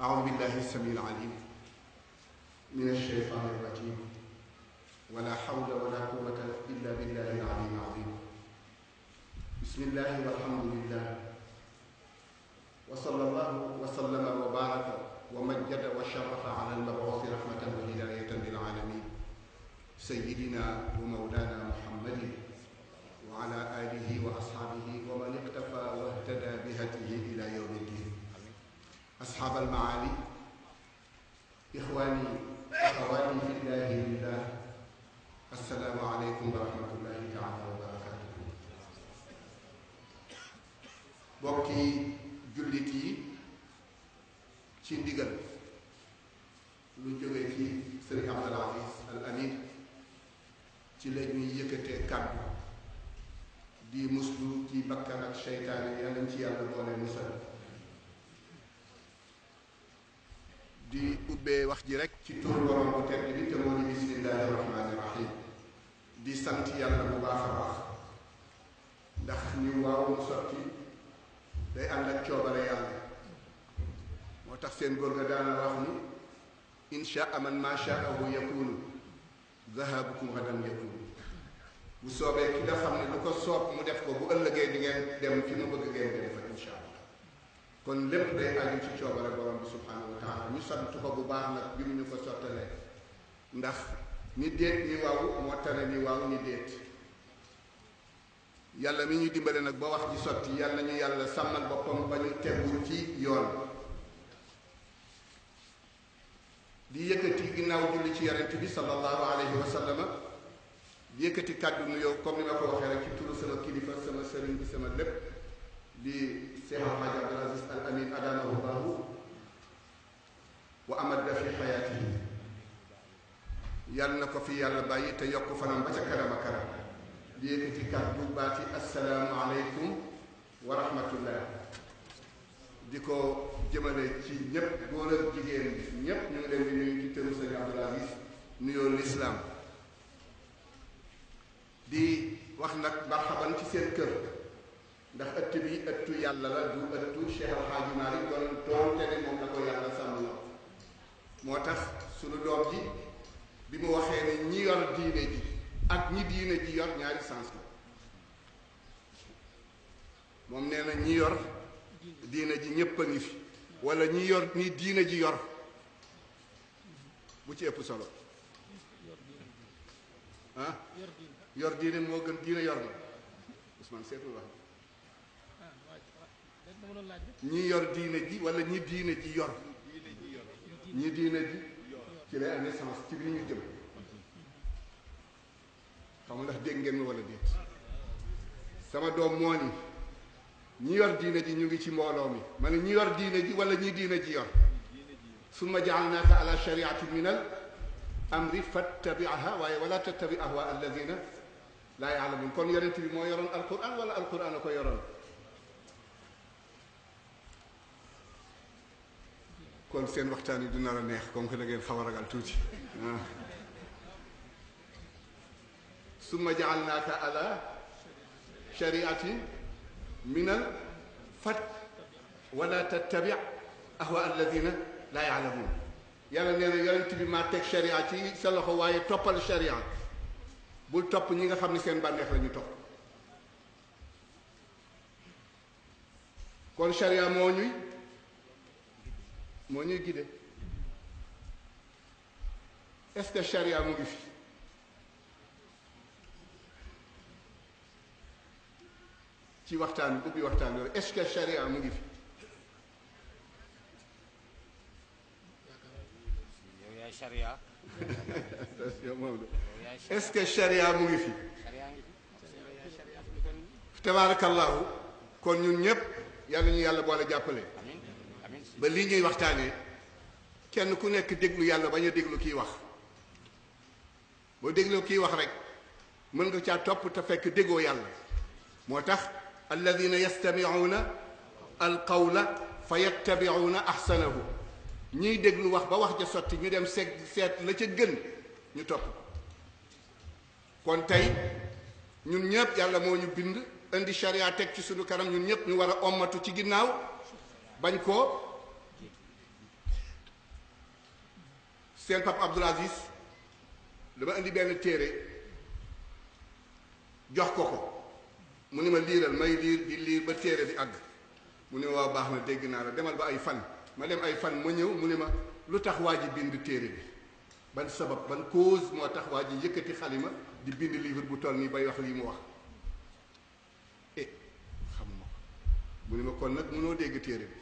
أعوذ بالله السميع العليم من الشيطان الرجيم ولا حول ولا قوة إلا بالله العلي العظيم بسم الله والحمد لله وصلى الله وسلم وبارك ومجد وشرف على المبعوث رحمة وهداية للعالمين سيدنا ومولانا محمد وعلى آله وأصحابه ومن اقتفى واهتدى بهديه إلى يوم الدين asxaab almaali ixwaani axawaati fi llaahi billah assalaamu aleykum wa rahmatullahi taala wa yi ci ndigal lu jógee ci sëriñ Abdul Aziz Al Amin ci la ñuy yëkkatee kàddu di muslu ci bakkan ak seytaane yàlla ci yàlla boole musal di ubbee wax ji rek ci turu borom bu tedd bi te moo di bismillaahi rahmaani rahim di sant yàlla bu baax a baax ndax ni waaw mu sotti day ànd ak coobare yàlla moo tax seen góor ga daana wax ni insha aman ma shaahu yakunu zahabukum gadan yakunu bu soobee ki nga ne lu ko soob mu def ko bu ëllëgee di dem fi mu bëgg ngeen dem fa insha kon lépp day aju ci coobare borom bi subhanahu wa ñu sant ko bu baax nag bi mu ñu ko sottalee ndax ni déet ni waaw moo tane ni waaw ni déet yàlla mi ñu dimbale nag ba wax ci sotti yàlla ñu yàlla sàmmal boppam ba ñu tegu ci yoon di yëkkati ginnaaw julli ci yonent bi sallallahu alayhi wa sallama di yëkkati kàddu nuyoo comme ni ma ko waxee ci turu sama kilifa sama sëriñ bi sama lépp di Seema Alhaji Abdul Aziz Al Amin adanahu Allahu wa amada fi xayaatihi yàlla na ko fi yàlla bàyyi te yokk fanam ba ca kanam a kanam di yëkkati kàddu baati assalaamu aleykum wa di ko jëmale ci ñépp góor jigéen ñépp ñu ngi leen di nuyu ci tëru Abdul Aziz nuyoo lislaam di wax nag marhaban ci seen kër ndax ëtt bi ëttu yàlla la du ëttu Cheikh Al Hadji Malick kon doonte ne moom la ko yàlla sàmm na moo tax sunu doom ji bi mu waxee ne ñi yor diine ji ak ñi diine ji yor ñaari sens moom nee na ñi yor diine ji ñépp a ngi fi wala ñi yor ñi diine ji yor bu ci ëpp solo ah yor diine moo gën diine yor na Ousmane seetul wax ñi yor diine ji wala ñi diine ji yor ñi diine ji ci lay amee sens ci li ñu jëm xam ndax dégg ngeen wala déet sama doom moo ni ñi yor diine ji ñu ngi ci mbooloo mi ma ne ñi yor diine ji wala ñi diine ji yor summa jaalnaaka ala shariati min al amri fattabiaha waaye wala tattabi ahwa alladina laa yaalamun kon yonent bi moo yoroon alquran wala alquran a ko yoroon kon seen waxtaan yi du nar a neex comme que da ngeen xaw a ragal tuuti ah. summa jaalnaaka ala shariati min al fat wala tattabi ahwa alladina laa yaalamuun yàlla nee na yonent bi maa teg ci sa loxo waaye toppal sharia bul topp ñi nga xam ni seen bànneex lañu ñu topp kon sharia moo ñuy moo ñuy guidé est-ce mu ngi fi ci waxtaan bi waxtaan yooyu est-ce mu ngi fi yow charia est-ce que mu ngi fi tabaarakallahu kon ñun ñépp yàlla ñu yàlla boole jàppale ba lii ñuy waxtaanee kenn ku nekk déglu yàlla bañ a déglu kiy wax boo déglu kiy wax rek mën nga caa topp te fekk déggoo yàlla moo tax alladina yastamiuuna alqawla fa yattabiuuna ahsanahu ñiy déglu wax ba wax ja sotti ñu dem seet seet la ca gën ñu topp kon tey ñun ñëpp yàlla moo ñu bind indi charia teg ci suñu kanam ñun ñëpp ñu war a ommatu ci ginnaaw bañ koo seen papa Abdoul Aziz dama indi benn téere jox ko ko mu ni ma liiral may liir di liir ba téere bi àgg mu ne waaw baax na dégg naa la demal ba ay fan ma dem ay fan ma ñëw mu ne ma lu tax waa ji bind téere bi ban sabab ban cause moo tax waa ji yëkkati xalima di bind livre bu toll nii bay wax lii mu wax eh xamuma ko mu ne ma kon nag mënoo dégg téere bi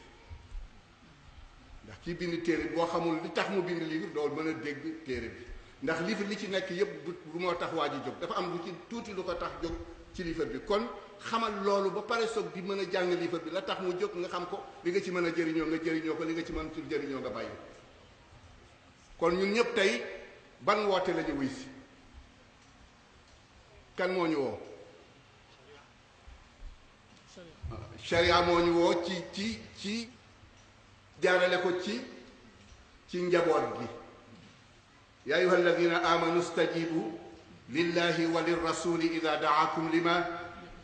ndax kii bind téere boo xamul li tax mu bind livre doo mën a dégg téere bi ndax livre li ci nekk yëpp du moo tax waa ji jóg dafa am lu ci tuuti lu ko tax jóg ci livre bi kon xamal loolu ba pare soog di mën a jàng livre bi la tax mu jóg nga xam ko li nga ci mën a jëriñoo nga jariñoo ko li nga ci mën tul jëriñoo nga bàyyi kon ñun ñëpp tey ban woote la ñu wuy si kan moo ñu woo sharia moo ñu woo ci ci ci jaarale ko ci ci njaboot gi ya ayuha alladina amanu stajibu lillahi wa lirrasuli ida daakum lima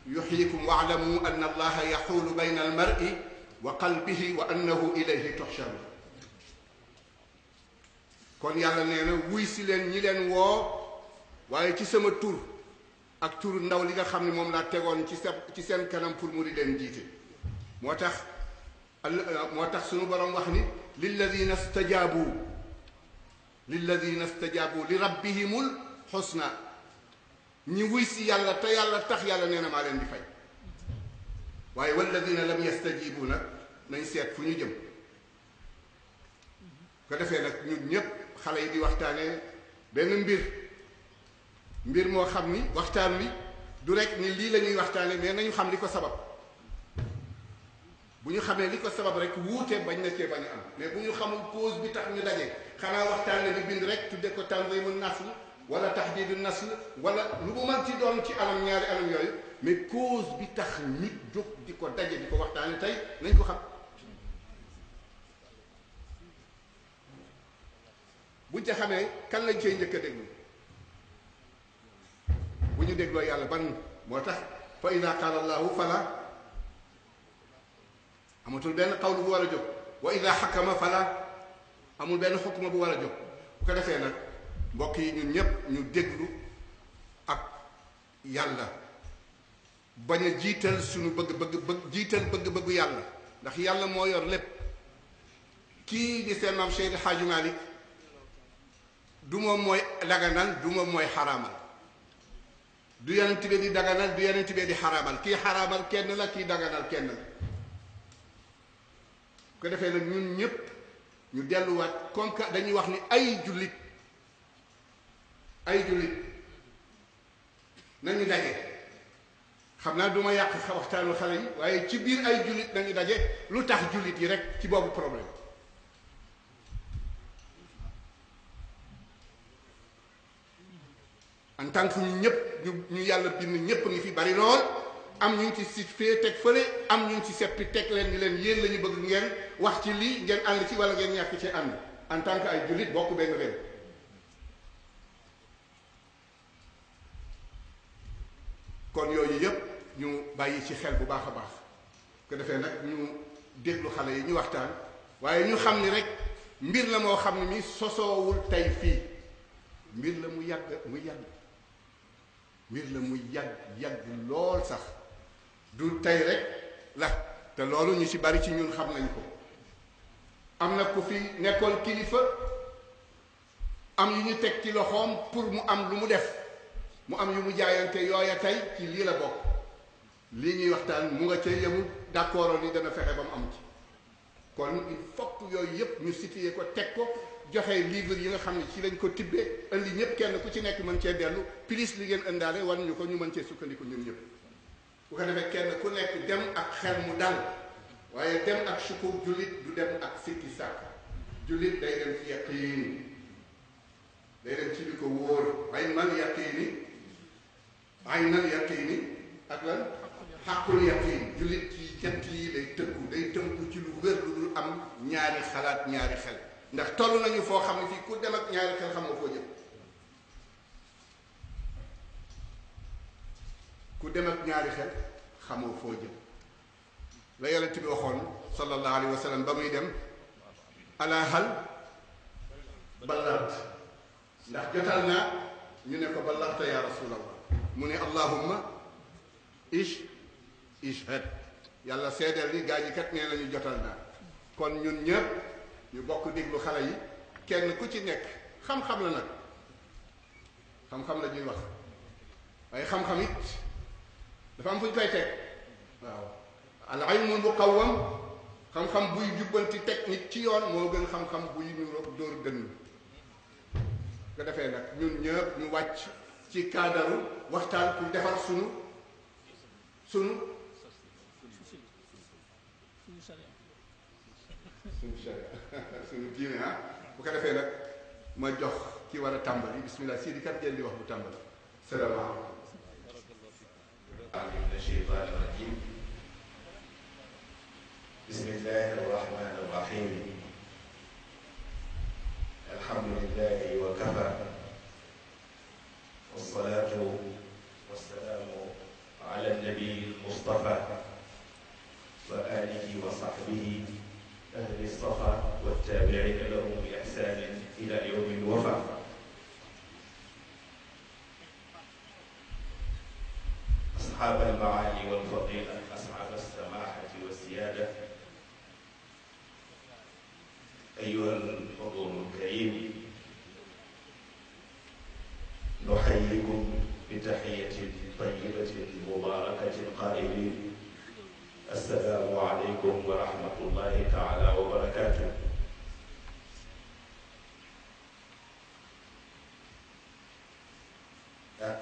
yuxyikum waalamu an allaha yaxuulu bayna almari wa qalbihi wa annahu ilayhi tuxcharu kon yàlla nee na wuy si leen ñi leen woo waaye ci sama tur ak tur ndaw li nga xam ne moom laa tegoon ci ci seen kanam pour mu di leen jiite moo tax suñu borom wax ni lilladina stajaabu lilladina stajaabu li rabbihimul xusna ñi wuy si yàlla te yàlla tax yàlla nee na maa leen di fay waaye walladina lam yastajibu nag nañ seet fu ñu jëm ko defee nag ñun ñépp xale yi di waxtaanee benn mbir mbir moo xam ni waxtaan wi du rek ni lii la ñuy waxtaane mais nañu xam li ko sabab bu ñu xamee li ko sabab rek wuute bañ na see bañ a am mais bu ñu xamul cause bi tax ñu daje xanaa waxtaanee di bind rek tudde ko tanzimu nasl wala tahdidu nasl wala lu mu man ci doon ci anam ñaari anam yooyu mais cause bi tax nit jóg di ko daje di ko waxtaane tey nañ ko xam. buñ ca xamee kan lañ cee njëkk déglu bu ñu dégloo yàlla ban moo tax fa ida qaala allahu fala amatul benn xawlu bu war a jóg wa ida xakama fala amul benn xukuma bu war a jóg bu ko defee nag mbokk yi ñun ñépp ñu déglu ak yàlla bañ a jiital suñu bëgg-bëgg bëgg jiital bëgg-bëggu yàlla ndax yàlla moo yor lépp kii di seen maam Seydi Hadji Malick du moom mooy daganal du moom mooy xaraamal du yonent bi di daganal du yonent bi di xaraamal kii xaraamal kenn la kii daganal kenn la ko defee nag ñun ñëpp ñu delluwaat comme que dañuy wax ni ay jullit ay jullit nañu daje xam naa duma ma yàq waxtaanu xale yi waaye ci biir ay jullit nañu daje lu tax jullit yi rek ci boobu problème en tant que ñu ñëpp ñu ñu yàlla bind ñëpp ngi fi bari lool. am ñu ngi ci si fee teg fële am ñu ngi ci seppi teg leen ni leen yéen la ñu bëgg ngeen wax ci lii ngeen ànd ci wala ngeen ñàkk ci ànd en tant que ay jullit bokk benn réew kon yooyu yëpp ñu bàyyi ci xel bu baax a baax ko defee nag ñu déglu xale yi ñu waxtaan waaye ñu xam ni rek mbir la moo xam ni mi sosoowul tey fii mbir la mu yàgg mu yàgg mbir la mu yàgg yàgg lool sax du tey rek la te loolu ñu ci bari ci ñun xam nañ ko am na ku fi nekkoon kilifa am yu ñu teg ci loxoom pour mu am lu mu def mu am yu mu jaayante yooya tey ci lii la bokk lii ñuy waxtaan mu nga ca yemu d'accord ni dana fexe ba mu am ci kon il faut yooyu yëpp ñu situé ko teg ko joxe livre yi nga xam ne ci lañ ko tibbee indi ñëpp kenn ku ci nekk mën cee dellu plus li ngeen indaale wan ñu ko ñu mën cee sukkandiku ñun ñëpp. bu ko defee kenn ku nekk dem ak xel mu dal waaye dem ak sukkur jullit du dem ak sikki sàkk jullit day dem ci yaqiin day dem ci li ko wóor aynal yaqiini aynal yaqiini ak la xàqul yaqiin jullit ci jant yi day tëkku day tënku ci lu wér lu dul am ñaari xalaat ñaari xel ndax toll nañu foo xam ne fii ku dem ak ñaari xel xam nga foo jëm ku dem ñaari xel xamoo foo jëm la yonent bi waxoon sallallahu alayhi wa sallam ba muy dem ala hal ndax jotal naa ñu ne ko ballaxta ya rasulallah mu ne allahumma ish ishhad yàlla seedeel ni gaa yi kat nee nañu jotal naa kon ñun ñëpp ñu bokk déglu xale yi kenn ku ci nekk xam-xam la nag xam-xam la ñuy wax waaye xam-xam dafa am fu ñu koy teg waaw al ilmul muqawwam xam-xam buy jubbanti teg nit ci yoon moo gën xam-xam buy niroog dóor dënn nga defee nag ñun ñëpp ñu wàcc ci kaadaru waxtaan pour defar sunu sunu suñu charia suñu diine ah bu ko defee nag ma jox ki war a tàmbali bismillah si di kat jël di wax bu tàmbali salaamaaleykum أعوذ من الشيطان الرجيم بسم الله الرحمن الرحيم الحمد لله وكفى والصلاة والسلام على النبي المصطفى وآله وصحبه أهل الصفا أصحاب المعالي والفضيلة أصحاب السماحة والسيادة أيها الحضور الكريم نحييكم بتحية طيبة مباركة قائلة السلام عليكم ورحمة الله تعالى وبركاته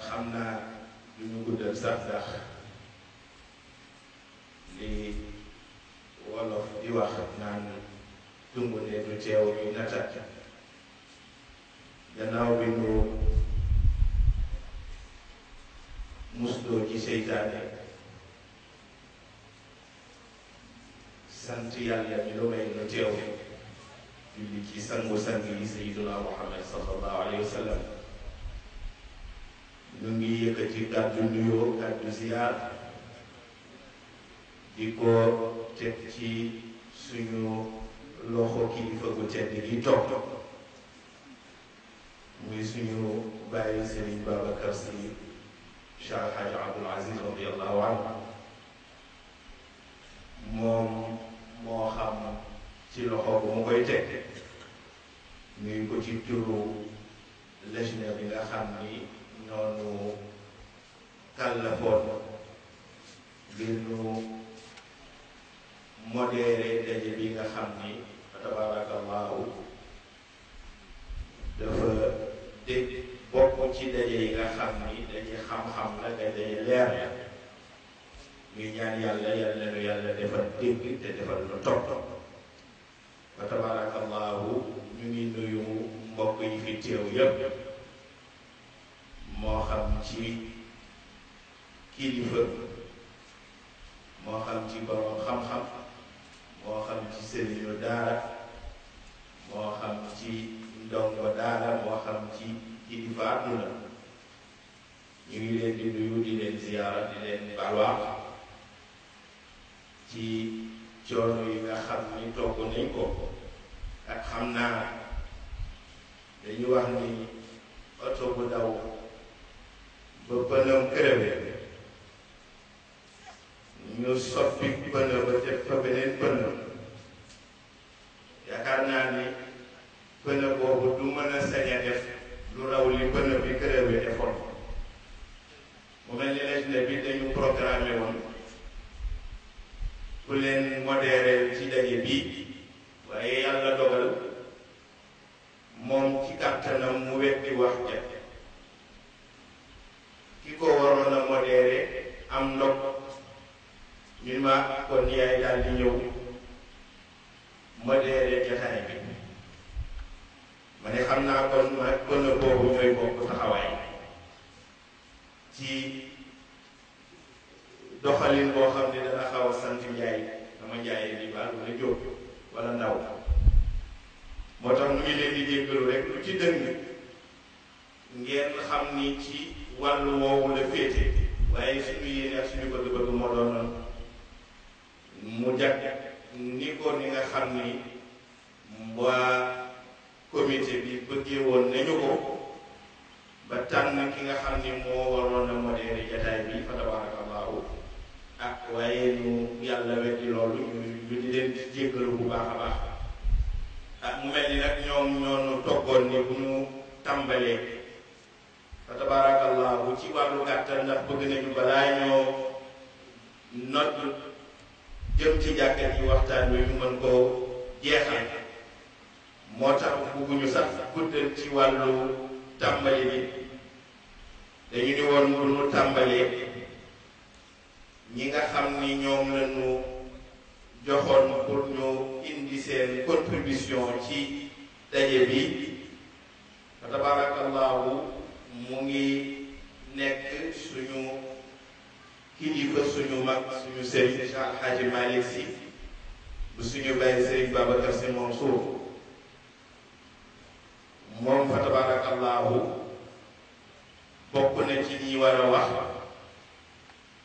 xam naa dem sàddax li wolof di wax naan dungu ne du teew bi nataat gannaaw bi ñu musloo ci seytaane sant yàlla mi lu may nu teew julli ci sangu sang yi muhammad sallallahu alayhi wa ñu ngi yëkkati kàddu nuyoo kàddu ziyaar di ko teg ci suñu loxo kilifa gu tedd gi toog muy suñu bàyyi sëriñ Babacar Si Cheikh Alhaji Abdul Aziz radiyallahu anhu moom moo xam ci loxo bu mu koy teg nuyu ko ci turu lajna bi nga xam ni noonu kàllafoon ngir ñu modéré daje bi nga xam ni tabaarakallaahu dafa dégg bokk ci daje yi nga xam ni daje xam-xam la nga daje leer ya ñu ñaan yàlla yàlla nu yàlla defal dégg te defal lu topp fa tabaarakallaahu ñu ngi nuyu mbokk yi fi teew yépp moo xam ci kilifa moo xam ci borom xam-xam moo ci sëriñu daara moo ci ndongo daara moo ci kilifa àdduna ñu ngi leen di nuyu di ziyaara di leen ci coono yi nga xam ni togg nañ ko ak wax ni oto bu ba pënam crevé ñu soppi pën fa beneen pën yaakaar naa ni pën boobu du mën a sañ def lu raw li pën bi defoon mu mel ni lajna bi dañu programmé woon ku leen modéré ci daje bii waaye yàlla dogal moom ci kàttanam mu weddi wax ja ki ko waroon a modéré am ndog ñun ma kon yaay daal di ñëw modéré jotaay bi ma ne xam naa kon ma kon na boobu ñooy bokk taxawaay ci doxalin boo xam ne dana xaw sant njaay dama njaay di baal wala jóg wala ndaw moo tax mu ngi leen di jéggalu rek lu ci dëng ngeen xam ni ci wàll woowu la féete waaye suñu yéene ak suñu bëgg-bëgg moo doon mu jag ni ko ni nga xam ni waa comité bi bëggee woon nañu ko ba tànn ki nga xam ni moo waroon a modéré jataay bi fa tabaarakallaahu ak ah waaye ñu yàlla weddi loolu ñu di leen di bu baax a baax ak ah mu mel ni nag ñoom ñoo nu ni bu ñu tàmbalee fa tabarakallahu ci wàllu gàttal ndax bëgg nañu balaa ñoo nodd jëm ci jàkkat yi waxtaan wi ñu mën koo jeexal moo tax bëgguñu sax guddal ci wàllu tàmbali bi dañu ni woon pour nu tàmbalee ñi nga xam ni ñoom lañu joxoon pour ñu indi seen contribution ci daje bi fa tabarakallahu mu ngi nekk suñu kilifa suñu mag suñu sëriñ Cheikh Alxaaji Malick Sy bu suñu bàyyi sëriñ Babacar Sy Mansour moom fa tabarakallahu bokk na ci ñi war a wax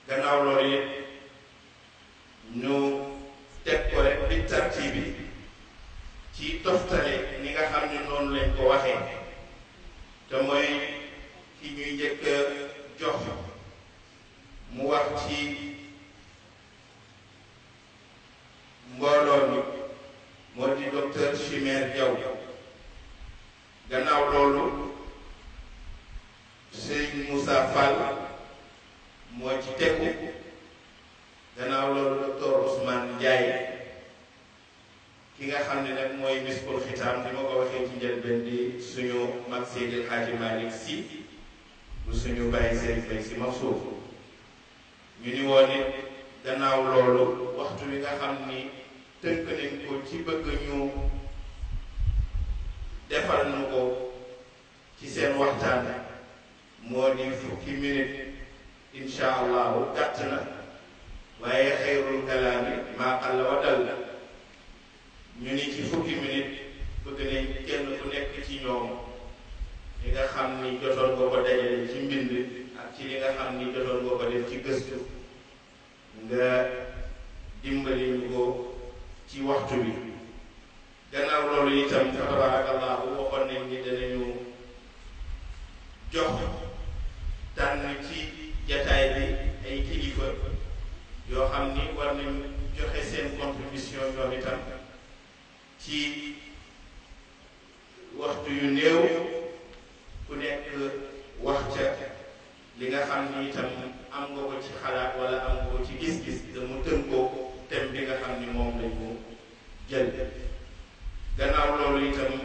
gannaaw loolu yëpp ñu teg ko rek bi tarti bi ci toftale ni nga xam ne noonu lañ ko waxee te mooy ki ñuy njëkk a jox mu wax ci mbooloo mi moo di docteur Chimère Diaw gannaaw loolu Serigne Moussa Fall moo ci tegu gannaaw loolu docteur Ousmane Ndiaye ki nga xam ne nag mooy miskul xitaam ni ma ko waxee ci njëlbeen di suñu mag Seydil Hadji Malick bu suñu bàyyi seen si ma suuf ñu ni woon it gannaaw loolu waxtu wi nga xam ni tënk nañ ko ci bëgg ñu defal nu ko ci seen waxtaan moo di fukki minute insha allahu gàtt na waaye xayrul kalaami maa qalla wa dalla ñu ni ci fukki minute bëgg nañ kenn ku nekk ci ñoom li nga xam ni jotoon nga ko dajale ci mbind ak ci li xam ni jotoon nga ko def ci gëstu nga dimbali ñu ko ci waxtu bi gannaaw loolu itam fa tabarakallahu waxoon ñoom itam ci waxtu yu néew ku nekk wax ca li nga xam ni itam am nga ko ci xalaat wala am nga ko ci gis-gis te mu tënkoo thème bi nga xam ni moom lañu jël gannaaw loolu itam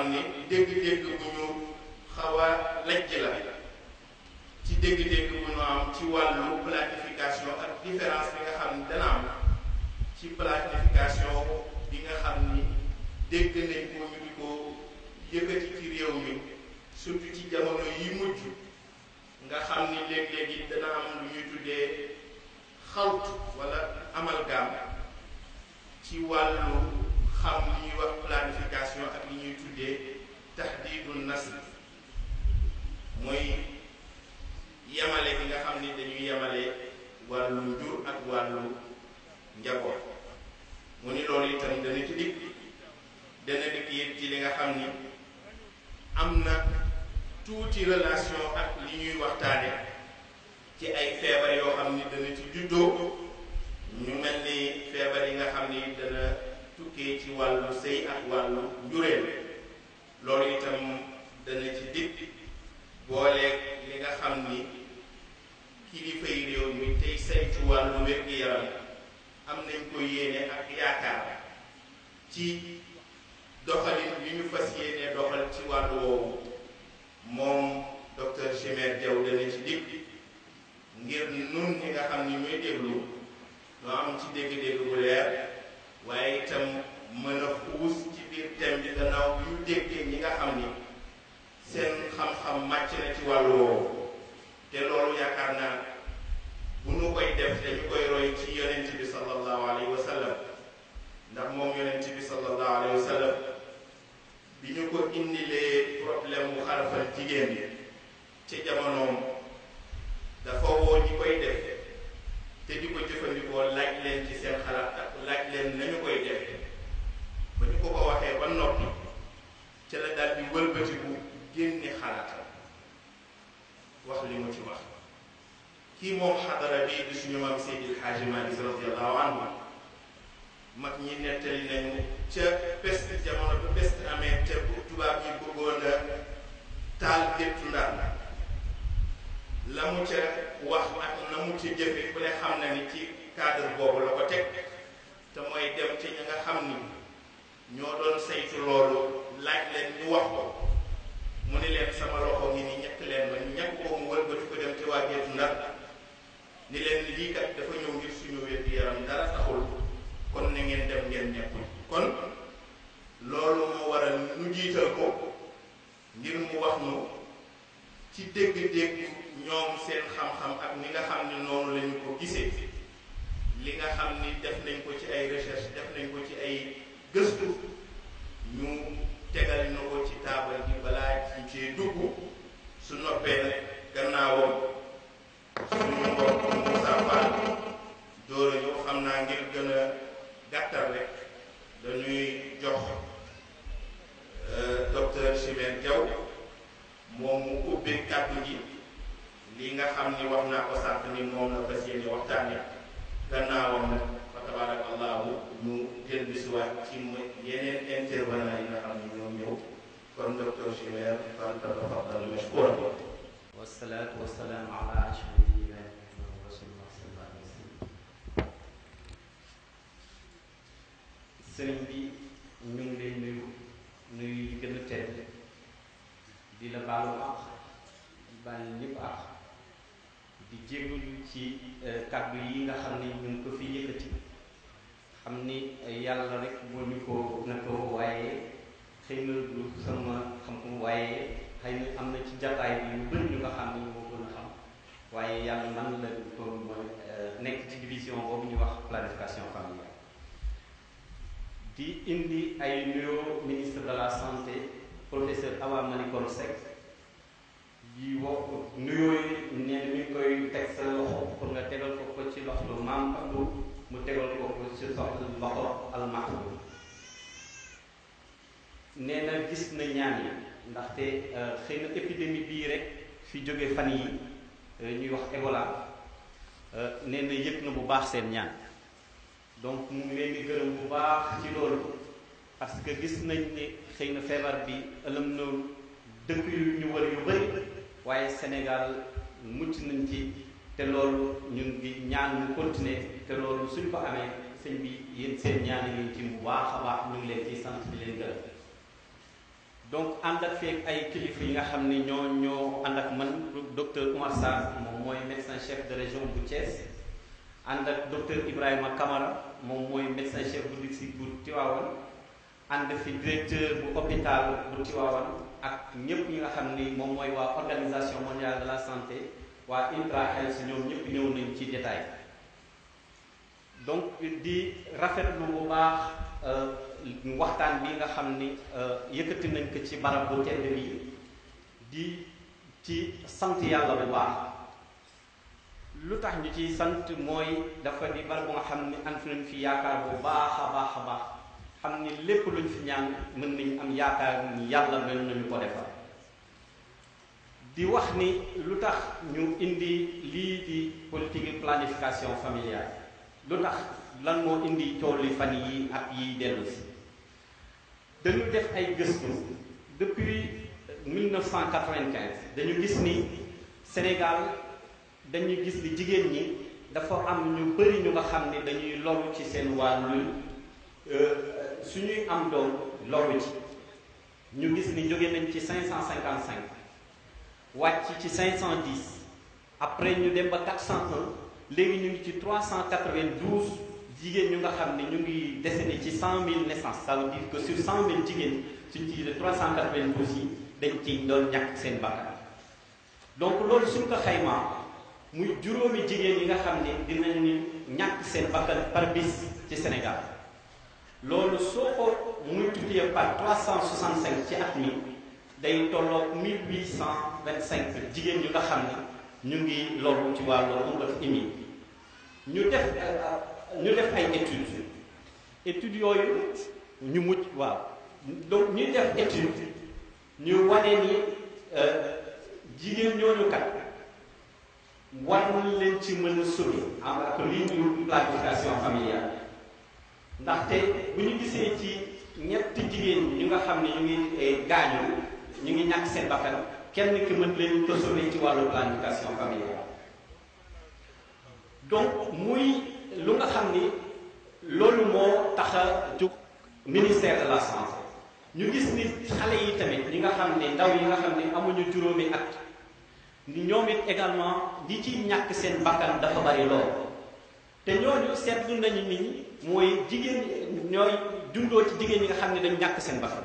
xam ne dégg-dégg bu ñu xaw lajj la ci dégg-dégg bu ñu am ci wàllu planification ak différence bi xam ne dana am ci planification bi nga xam ni dégg nañ ko ñu di ko yëkkati ci réew mi surtout ci jamono yi mujj nga xam ni léeg-léeg dana am lu ñuy tuddee xawtu wala amalgame ci wàllu xam li ñuy wax planification ak li ñuy tuddee tahdidul nasl mooy yemale bi nga xam ni dañuy yemale wàllu njur ak wàllu njaboot mu ni loolu itam dana ci dikk dana dikk yëpp ci li nga xam ni am na tuuti relation ak li ñuy waxtaane ci ay feebar yoo xam ni dana ci juddoo ñu mel ni feebar yi nga xam ni dana tukkee ci wàllu sëy ak wàllu njureel loolu itam dana ci dikk booleeg li nga xam ni kilifay réew mi tey saytu wàllu wér yaram am nañ ko yéene ak yaakaar ci doxalin yu ñu fas yéene doxal ci wàllu woowu moom docteur Chimère Diaw dana ci dikk ngir nun ñi nga xam ni ñooy déglu loo am ci dégg-dégg bu leer waaye itam mën a xuus ci biir thème bi gannaaw bu ñu déggee ñi nga xam ni seen xam-xam màcc na ci wàllu woowu te loolu yaakaar naa bu nu koy def dañu koy roy ci yonent bi sallallahu alayhi wa ndax moom yonent bi sallallahu alayhi wa bi ñu ko indilee problème mu xarafal jigéen bi ci jamonoom dafa woo ñi koy def te di ko jëfandikoo laaj leen ci seen xalaat ak laaj leen nañu koy defee ba ñu ko ko waxee ba noppi ca la daal di wëlbatiku génne xalaatam wax li mu ci wax kii moom xadara bi di suñu maam Seydil Xaaji Maalik radiyallahu anhu mag ñi nettali nañu ca peste jamono bu peste amee te tubaab yi bëggoon a taal déttu Ndar la mu ca wax ak na mu ca jëfe ku ne xam na ni ci cadre boobu la ko teg te mooy dem ci ñi nga xam ni ñoo doon saytu loolu laaj leen ñu wax ko mu ni leen sama loxo ngi ni ñett leen ma ñett ko mu wëlbati ko dem ci waa Géeju Ndar ni leen lii kat dafa ñëw ngir suñu wér gi yaram dara taxul kon na ngeen dem ngeen ñett kon loolu moo waral nu jiital ko ngir mu wax nu ci dégg-dégg ñoom seen xam-xam ak ni nga xam ne noonu lañu ko gisee li nga xam ni def nañ ko ci ay recherche def nañ ko ci ay gëstu ñu tegal na ko ci taabal bi balaa ñu cee dugg su noppee nag gannaawam suñu mbokk Moussa Fall dóora ñëw xam naa ngir gën a gàttal rek dañuy jox euh, docteur Chimère Diaw moom mu ubbee li nga xam ni wax naa ko sànq ni moom la fas yéene waxtaane gannaawam nag fa tabaraka allahu ñu jël bisuwaat ci yeneen intervenant yi nga xam ne ñoom ñëw kon docteur Chimère fanta tafaddal mashkura wasalaatu wasalaamu ala ashrafi al-anbiyaa wa rasulillah sallallahu alayhi wa sallam sëriñ bi ñu ngi lay nuyu nuyu yi gën a teel di la baalu àq di baal ñëpp di jégalu ci euh, kàddu yi nga xam ne ñu ngi ko fi yëkkati xam ni yàlla rek moo ñu ko nattoo waaye xëy na du xam-xam waaye xëy na am na ci xam a xam waaye yàlla man la ko mooy euh, nekk ci boobu ñu wax planification familiale di indi ay nuyoo ministre de la santé professeur Awa Malikon Seck di wax nuyoo yi koy teg sa loxo pour nga tegal ko ko ci loxo maam Abdou mu tegal ko ko ci soxla loxo almaxdum nee na gis na ñaan yi ndaxte euh, xëy na épidémie bii rek fi jóge fan yi euh, ñuy wax Ebola euh, nee na yëg na bu baax seen ñaan donc mu ngi leen di gërëm bu baax ci loolu parce que gis nañ ni xëy na feebar bi ëlëm na dëkk yu ñu wër yu bari waaye Sénégal mucc nañ ci te loolu ñun di ñaan mu continuer te loolu suñ ko amee sëñ bi yéen seen ñaan yi ci bu baax a baax ngi leen ciy sant di leen gërëm donc ànd ak feeg ay kilifa yi nga xam ni ñoo ñoo ànd ak man docteur Oumar Sarr moom mooy médecin chef de région bu Thiès ànd ak docteur Ibrahima Kamara moom mooy médecin chef bu dig bu Tivaouane ànd fi directeur bu hôpital bu Tiwaawan ak ñëpp ñi nga xam ni moom mooy waa organisation mondiale de la santé waa Intra Health ñoom ñëpp ñëw nañ ci détail donc di rafetlu bu baax euh, waxtaan bi nga xam ni euh, yëkkati nañ ko ci barab bu tedd bi di ci sant yàlla bu baax lu tax ñu ciy sant mooy dafa di barab bu nga xam ni am nañ fi yaakaar bu baax a baax a baax xam ni lépp luñ fi ñaan mën nañ am yaakaar ni yàlla mën nañu ko defal di wax ni lu tax ñu indi lii di politique planification familiale lu tax lan moo indi coow li fan yi ak yiy dellu dañu def ay gëstu depuis 1995 dañu gis ni senegal dañu gis ni jigéen ñi dafa am ñu bëri ñu nga xam ne dañuy loru ci seen wàllu euh, suñuy am doom loru ñu gis ni jóge nañ ci 555 wàcc ci 510 après ñu dem ba 401 léegi ñu ngi ci 392 jigéen ñu nga xam ne ñu ngi décédé ci 100000 naissances ça veut dire que sur 100000 jigéen suñ ci de 392 yi dañ ci doon ñàkk seen bakkan donc loolu suñ ko xaymaa muy juróomi jigéen yi nga xam ne dinañu ñàkk seen bakkan par bis ci Sénégal. loolu soo ko cent par 365 ci at mi day tolloog 1825 jigéen ñu nga xam ne ñu ngi loru ci wàllu ëmbët émi ñu def euh, ñu def ay études études yooyu ñu mucc waaw donc ñu def étude ñu wane ni euh, jigéen ñooñu kat leen ci mën a sauver ak lii ñu planification familiale ndaxte bu ñu gisee ci ñetti jigéen ñu nga xam ne ñu ngi eh, gaañu ñu ngi ñàkk seen bakkan kenn ki mën leen ko sauver ci wàllu planification familiale donc muy lu nga xam ni loolu moo tax a jóg ministère de la santé ñu gis ni xale yi tamit ñi nga xam ne ndaw yi nga xam ne amuñu juróomi at ni ñoom it également di ci ñàkk seen bakkan dafa bari lool te ñooñu seetlu nañu nit mooy jigéen ñooy dundoo ci jigéen ñi nga xam ne dañ ñàkk seen bakkan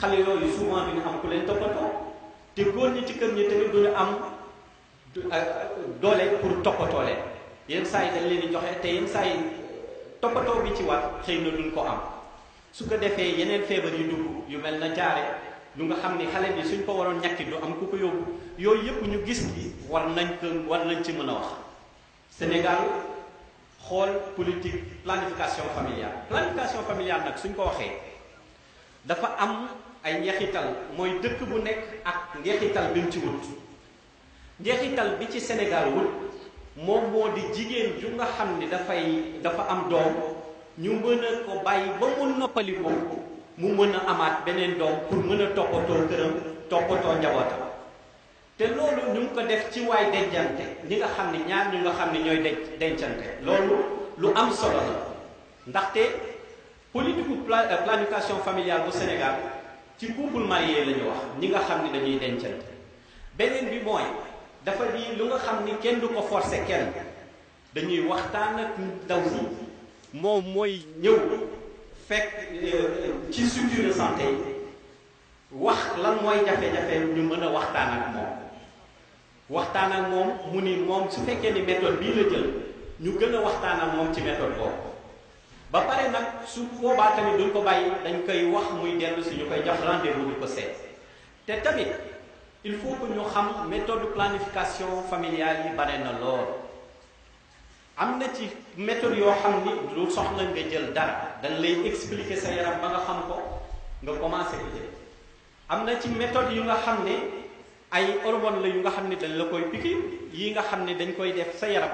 xale yooyu souvent bi ñu am ku leen toppatoo te góor ñi ci kër ñi tamit duñu am euh, euh, doole pour toppatoo leen yenn saa yi dañ leen di joxe te yenn saa yi toppatoo bi ci war xëy na duñ ko am su ko defee yeneen feebar yu dugg yu mel na jaare lu nga xam ni xale bi suñ ko waroon ñàkki du am ku ko yóbbu yooyu yëpp ñu gis bi war nañ ko war nañ ci mën a wax Sénégal xool politique planification familiale planification familiale nag suñ ko waxee dafa am ay njaxital mooy dëkk bu nekk ak njeexital bi mu ci wut njeexital bi ci Sénégal wut moom moo di jigéen ju nga xam ni dafay dafa am doom ñu mën a ko bàyyi ba mu noppali mu mën a amaat beneen doom pour mën a toppatoo këram toppatoo njabootam te loolu ñu ngi ko def ci waay dencante ñi nga xam ne ñaar ñu nga xam ne ñooy denc dencante loolu lu am solo la ndaxte politique euh, planification familiale bu senegal ci couple marié la ñu wax ñi nga xam ne dañuy dencante beneen bi mooy dafa di lu nga xam ni kenn du ko forcer kenn dañuy waxtaan ak ndaw moom mooy ñëw fekk euh, ci structure santé yi wax lan mooy jafe-jafe ñu mën a waxtaan ak moom waxtaan ak moom mu ni moom su fekkee ni méthode bii la jël ñu gën a waxtaan ak moom ci méthode boobu ba pare nag su boobaa tamit duñ ko bàyyi dañ koy wax muy dellu si ñu koy jox rendez-vous ko seet te tamit il faut que ñu xam méthode planification familiale yi bare na lool am na ci méthode yoo xam ni lu soxla nga jël dara dañ lay expliquer sa yaram ba nga xam ko nga commencé ko jël am na ci méthode yu nga xam ne ay hormone la yu nga xam ne dañ la koy piquer yi nga xam ne dañ koy def sa yaram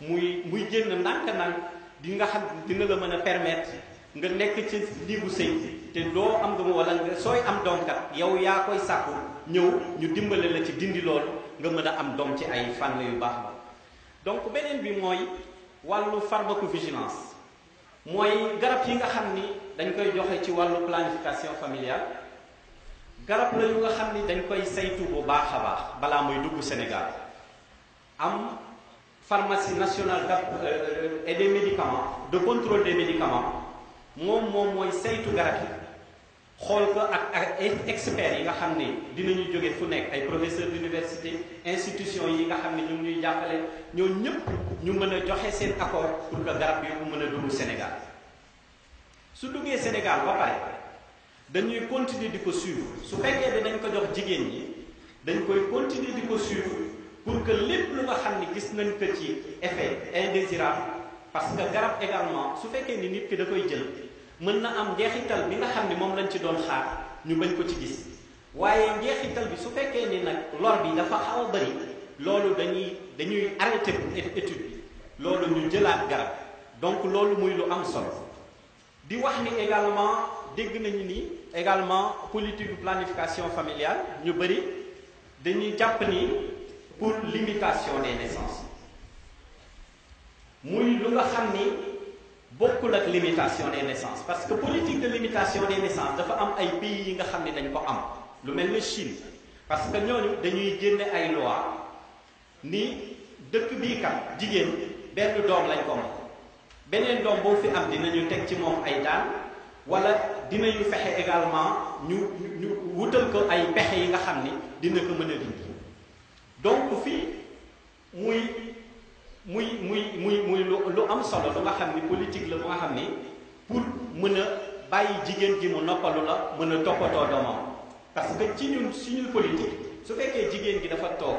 muy muy génn ndànk-ndànk di nga xam dina la mën a permettre nga nekk ci niigu sëy te doo am doom wala nga sooy am doom yow yaa koy sàkku ñëw ñu dimbale la ci dindi lool nga mën a am doom ci ay fànn yu baax ba donc beneen bi mooy wàllu pharmacovigilance mooy garab yi nga xam ni dañ koy joxe ci wàllu planification familiale garab la yu nga xam ni dañ koy saytu bu baax a baax balaa muy dugg Sénégal am pharmacie nationale euh, euh, et des médicaments de contrôle de médicaments moom moom mooy saytu garab yi xool ko ak ak experts yi nga xam ni dinañu jóge fu nekk ay professeurs d'université institution yi nga xam ne ñu ngi ñuy jàppale ñoo ñëpp ñu mën a joxe seen accord pour que garab yi mu mën a dugg Sénégal su duggee Sénégal ba pare dañuy continuer di ko suivre su fekkee ne dañ ko jox jigéen ñi dañ koy continuer di ko suivre pour que lépp lu nga xam ne gis nañ ko ci effet indésirable parce que garab également su fekkee ni nit ki da koy jël mën na am njeexital bi nga xam ne moom lañ ci doon xaar ñu bañ ko ci gis waaye njeexital bi su fekkee ni nag lor bi dafa xaw a loolu dañuy dañuy arrêté étude bi loolu ñu jëlaat garab donc loolu muy lu am solo di wax ni également dégg nañu ni également politique planification familial ñu bëri dañuy jàpp ni pour limitation des naissances muy lu nga xam ni bokkul ak limitation des naissances parce que politique de limitation des naissances dafa am ay pays yi nga xam ni dañ ko am lu mel ne Chine parce que ñooñu dañuy génne ay loi ni dëkk bii kat jigéen benn doom lañ ko am beneen doom boo fi am dinañu teg ci moom ay daan wala dinañu fexe également ñu ñu wutal ko ay pexe yi nga xam ni dina ko mën a dindi donc fii muy muy muy muy muy lu am solo lu nga xam ni politique la bu nga xam ni pour mën a bàyyi jigéen gi mu noppalu la mën a toppatoo doomam parce que ci ñun suñu politique su fekkee jigéen gi dafa toog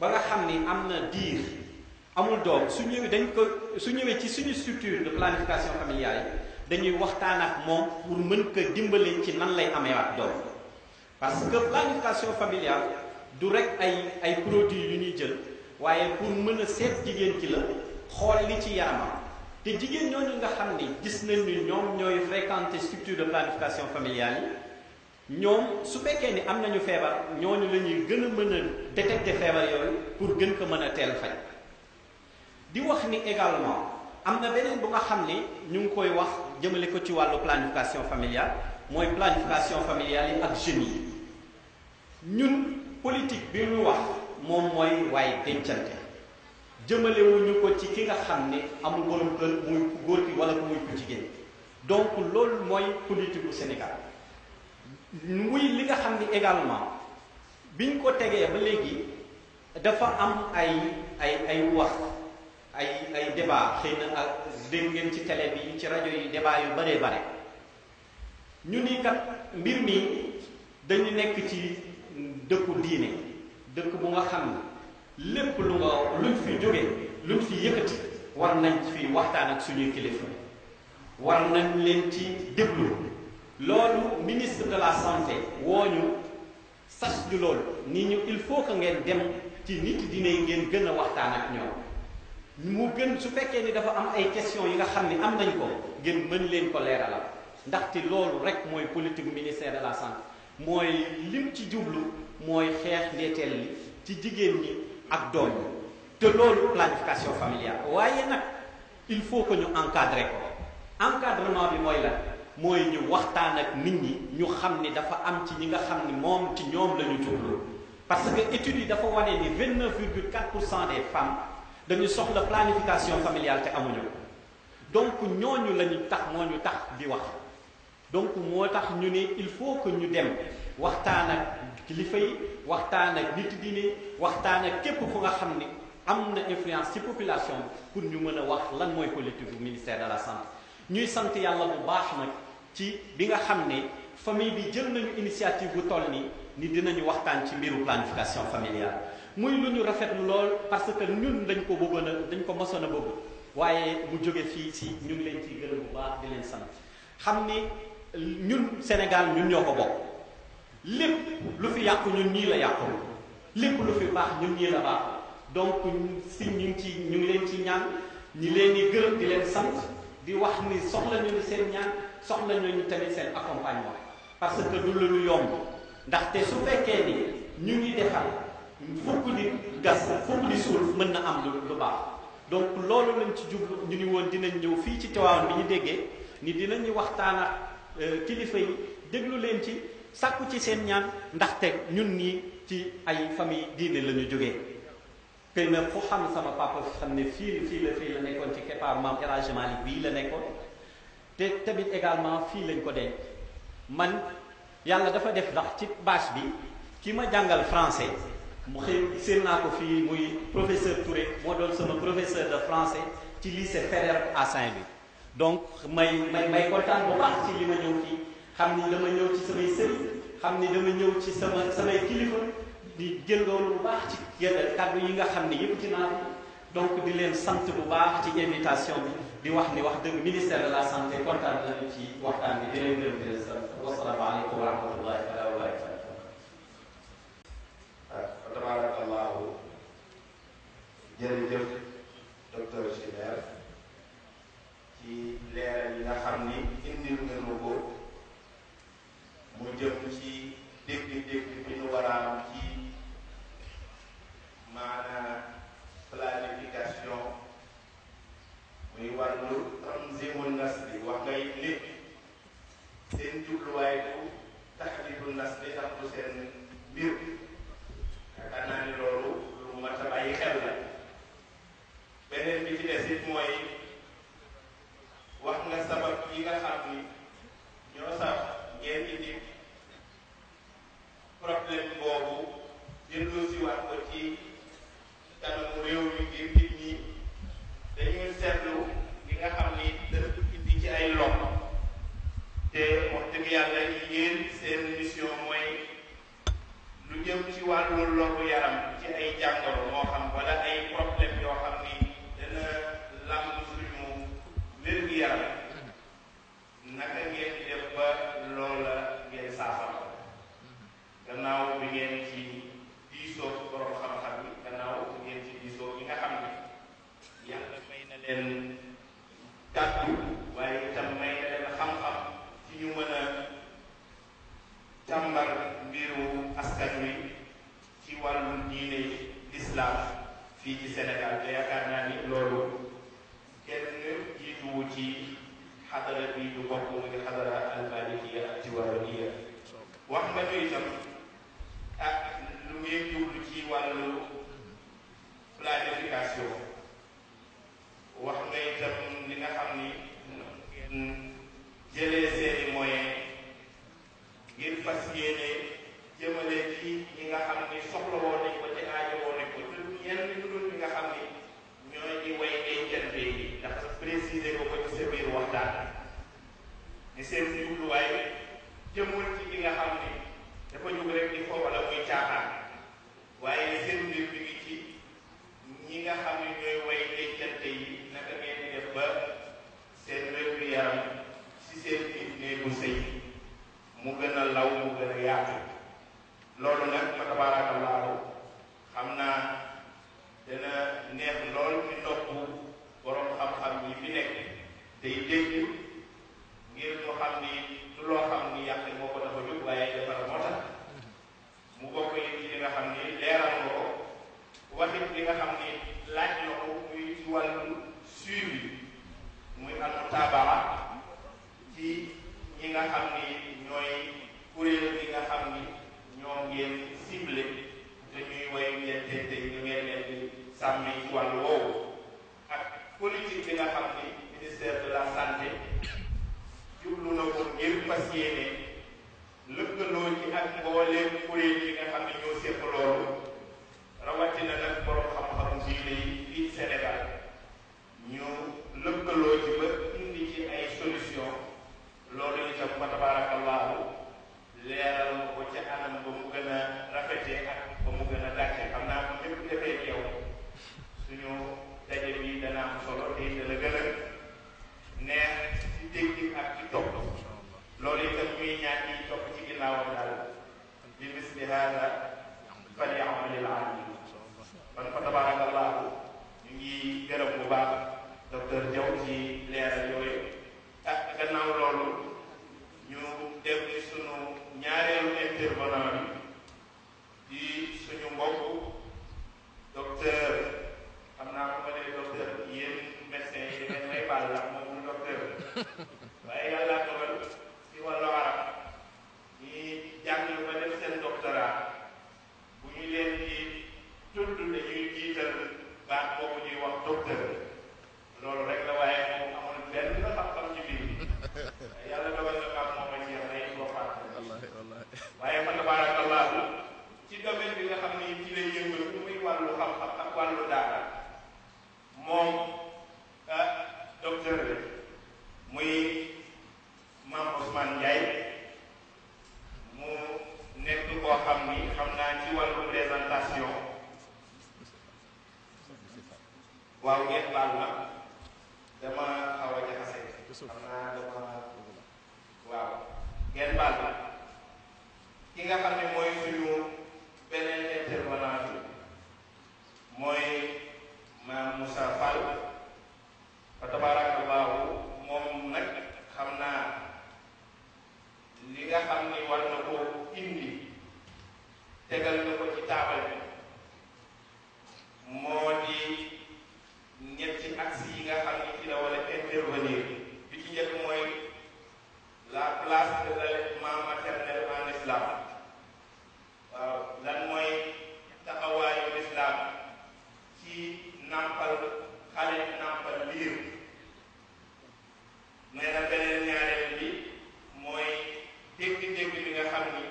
ba nga xam ni am na diir amul doom su ñëwee dañ ko su ñëwee ci suñu structure de planification familiale dañuy waxtaan ak moom pour mën ko dimbale ci man lay amee ak doom parce que planification familiale du rek ay ay produits yu ñuy jël waaye pour mën a seet jigéen ki la xool li ci yaramam te jigéen ñooñu nga xam ni gis nañ ñoom ñooy fréquenter structure de planification familiale yi ñoom su fekkee ni am nañu feebar ñooñu la ñuy gën a mën a détecter feebar yooyu pour gën ko mën a teel faj di wax ni également am na beneen bu nga xam ni ñu ngi koy wax jëmale ko ci wàllu planification familial mooy planification familiale yi ak jeunes yi ñun politique bi muy wax moom mooy waaye dencante jëmalewuñu ko ci ki nga xam ne amul borom kër muy góor ki wala ku muy ku jigéen donc loolu mooy politique bu Sénégal muy li nga xam ni également biñ ko tegee ba léegi dafa am ay ay ay wax ay ay débat xëy na dégg ngeen ci télé bi ci rajo yi débat yu baree bare ñu ni kat mbir mi dañu nekk ci dëkku diine dëkk bu nga xam lépp lu nga luñ fi jóge luñ fi yëkkati war nañ fi waxtaan ak suñuy kilifa war nañ leen ci déglu loolu ministre de la santé woo ñu sas ju loolu ni ñu il faut que ngeen dem ci nit diine ngeen gën a waxtaan ak ñoom mu gën su fekkee ni dafa am ay question yi nga xam ni am nañ ko ngeen mën leen ko leeralal ndaxte loolu rek mooy politique ministère de la santé mooy lim ci jublu mooy xeex ndeeteel li ci jigéen ñi ak doom yi te loolu planification familiale waaye nag il faut que ñu encadrer ko encadrement bi mooy la mooy ñu waxtaan ak nit ñi ñu xam ni dafa am ci ñi nga xam ni moom ci ñoom la ñu jublu parce que études yi dafa wane ni 29 virgule 4 pour cent des femmes dañu soxla planification familiale te amuñu ko donc ñooñu lañu tax moo ñu tax di wax donc moo tax ñu ne il faut que ñu dem waxtaan ak kilifa yi waxtaan ak nit diine waxtaan ak képp ku nga xam ni am na influence ci population pour ñu mën a wax lan mooy politique bu ministère de la santé ñuy sant yàlla bu baax nag ci bi nga xam ne famille bi jël nañu initiative bu toll nii ni dinañu waxtaan ci mbiru planification familiale muy lu ñu rafetlu lool parce que ñun dañ ko bëggoon a dañ ko mosoon a bëgg waaye mu jóge fii si ñu ngi leen ciy gërëm bu baax di leen sant xam ni ñun Sénégal ñun ñoo ko bokk lépp lu fi yàqu ñu ñii la yàqu lépp lu fi baax ñu ñii la baax donc si ñu ngi ci ñu ngi leen ci ñaan ñi leen di gërëm di leen sant di wax ni soxla ñu seen ñaan soxla ñu tamit seen accompagnement parce que du lu ñu yomb ndaxte su fekkee ni ñu ngi defal fukk nit gas fukk nit suul mën na am lu lu baax donc loolu lañ ci jublu ñu ni woon dinañ ñëw fii ci Tiwaawan bi ñu déggee ni dinañu waxtaan ak euh, kilifa yi déglu leen ci sàkku ci seen ñaan ndaxte ñun nii ci ay fami diine la ñu jógee xëy na fu xam sama papa xam ne fii fii la fii la nekkoon ci keppaar maam El Hadji bii la nekkoon te tamit également fii lañ ko denc man yàlla dafa def ndax ci bâche bi ki ma jàngal français mu xëy seen naa ko fii muy professeur Touré moo doon sama professeur de français ci lycée Ferrer à Saint-Louis donc may may may kontaan bu baax ci li ma ñëw fii xam ni dama ñëw ci samay sëriñ xam ni dama ñëw ci sama samay kilifa di jël loolu bu baax ci kàddu yi nga xam ni yëpp ci naa donc di leen sant bu baax ci invitation bi di wax ni wax dëgg ministère de la santé kontaan nañu ci waxtaan bi di leen di leen sant wasalaamaaleykum wa rahmatullahi tabarakallahu jërëjëf docteur Siber ci leeral yi nga xam ni indil nga ma ko mu jëm ci dégg-dégg bi ñu ci day dégg man dama xaw jaxase xam naa dama waaw ngeen baal ma ki nga xam ne mooy suñu beneen intervenant bi mooy maam Moussa Fall fa tabaarakallaahu moom nag xam naa li nga xam ni war na ko indi tegal na ko ci taabal moo di ñetti axe yi nga xam ni ci la war a intervenir bi ci njëkk mooy la place de l'allaitement maternel en islam lan mooy taxawaayu l'islam ci nàmpal xale nàmpal liir nee na beneen ñaareel bi mooy dégg-dégg bi xam ni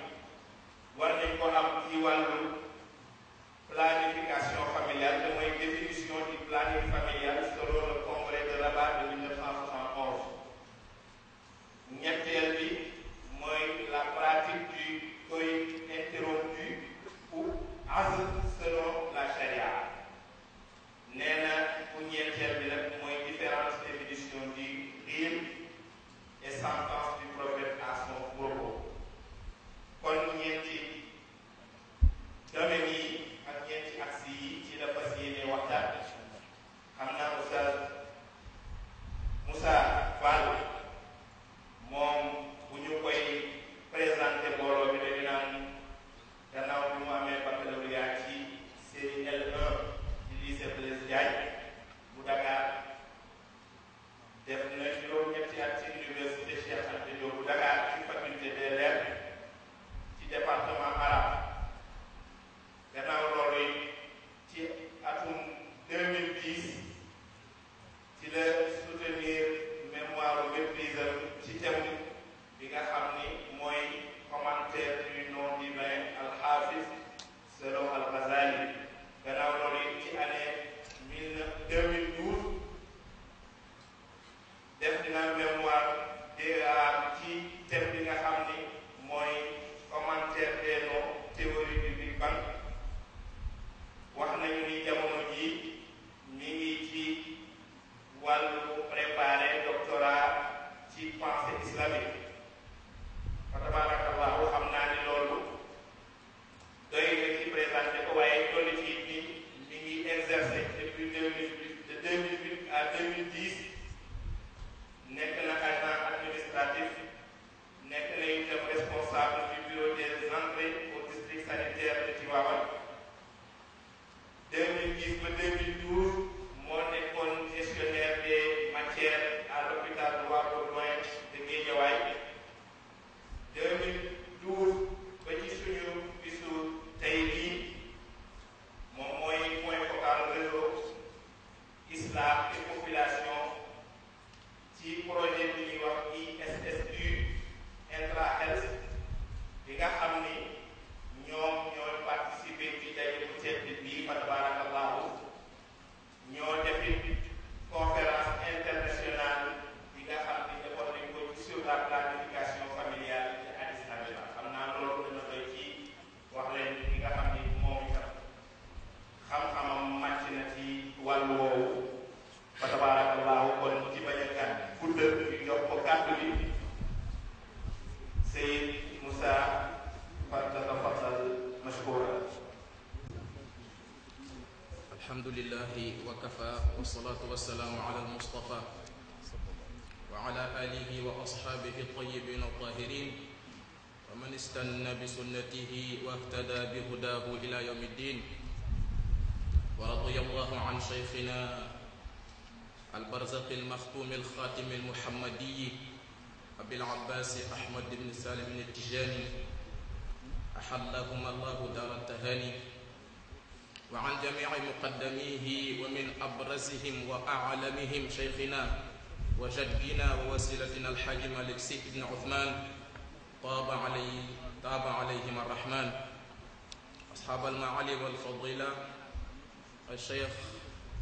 war nañ ko am ci wàllu planification familiale te mooy définition du planning familial selon le congrès de Rabat de 1971 ñetteel bi mooy la pratique du coït interrompu ou azl selon la charia nee na bu ñeenteel bi nag mooy différentes définitions du rire et sans la mémoire et à bihi wa kafa wasalaatu wasalaamu ala almustafa wa ala alihi wa ashaabihi altayibiin altaahiriin wa man istanna bi sunnatihi wa ihtada bi hudaahu ila yawmi ddin wa radiya allahu an sheykhina albarzaqi almaxtuumi alxaatimi almuhammadiyi abil abbaasi ahmad ibn saalim al tijaani ahallahuma allahu daara tahani wa an jamici muqaddamihi wa min abrazihim wa aclamihim sheykhina wa jaddina wa wasilatina alxaaji Malik Si ibn Usmaan taaba alayhi taaba alayhim arrahman asxaab almacaali walfadila alcheikh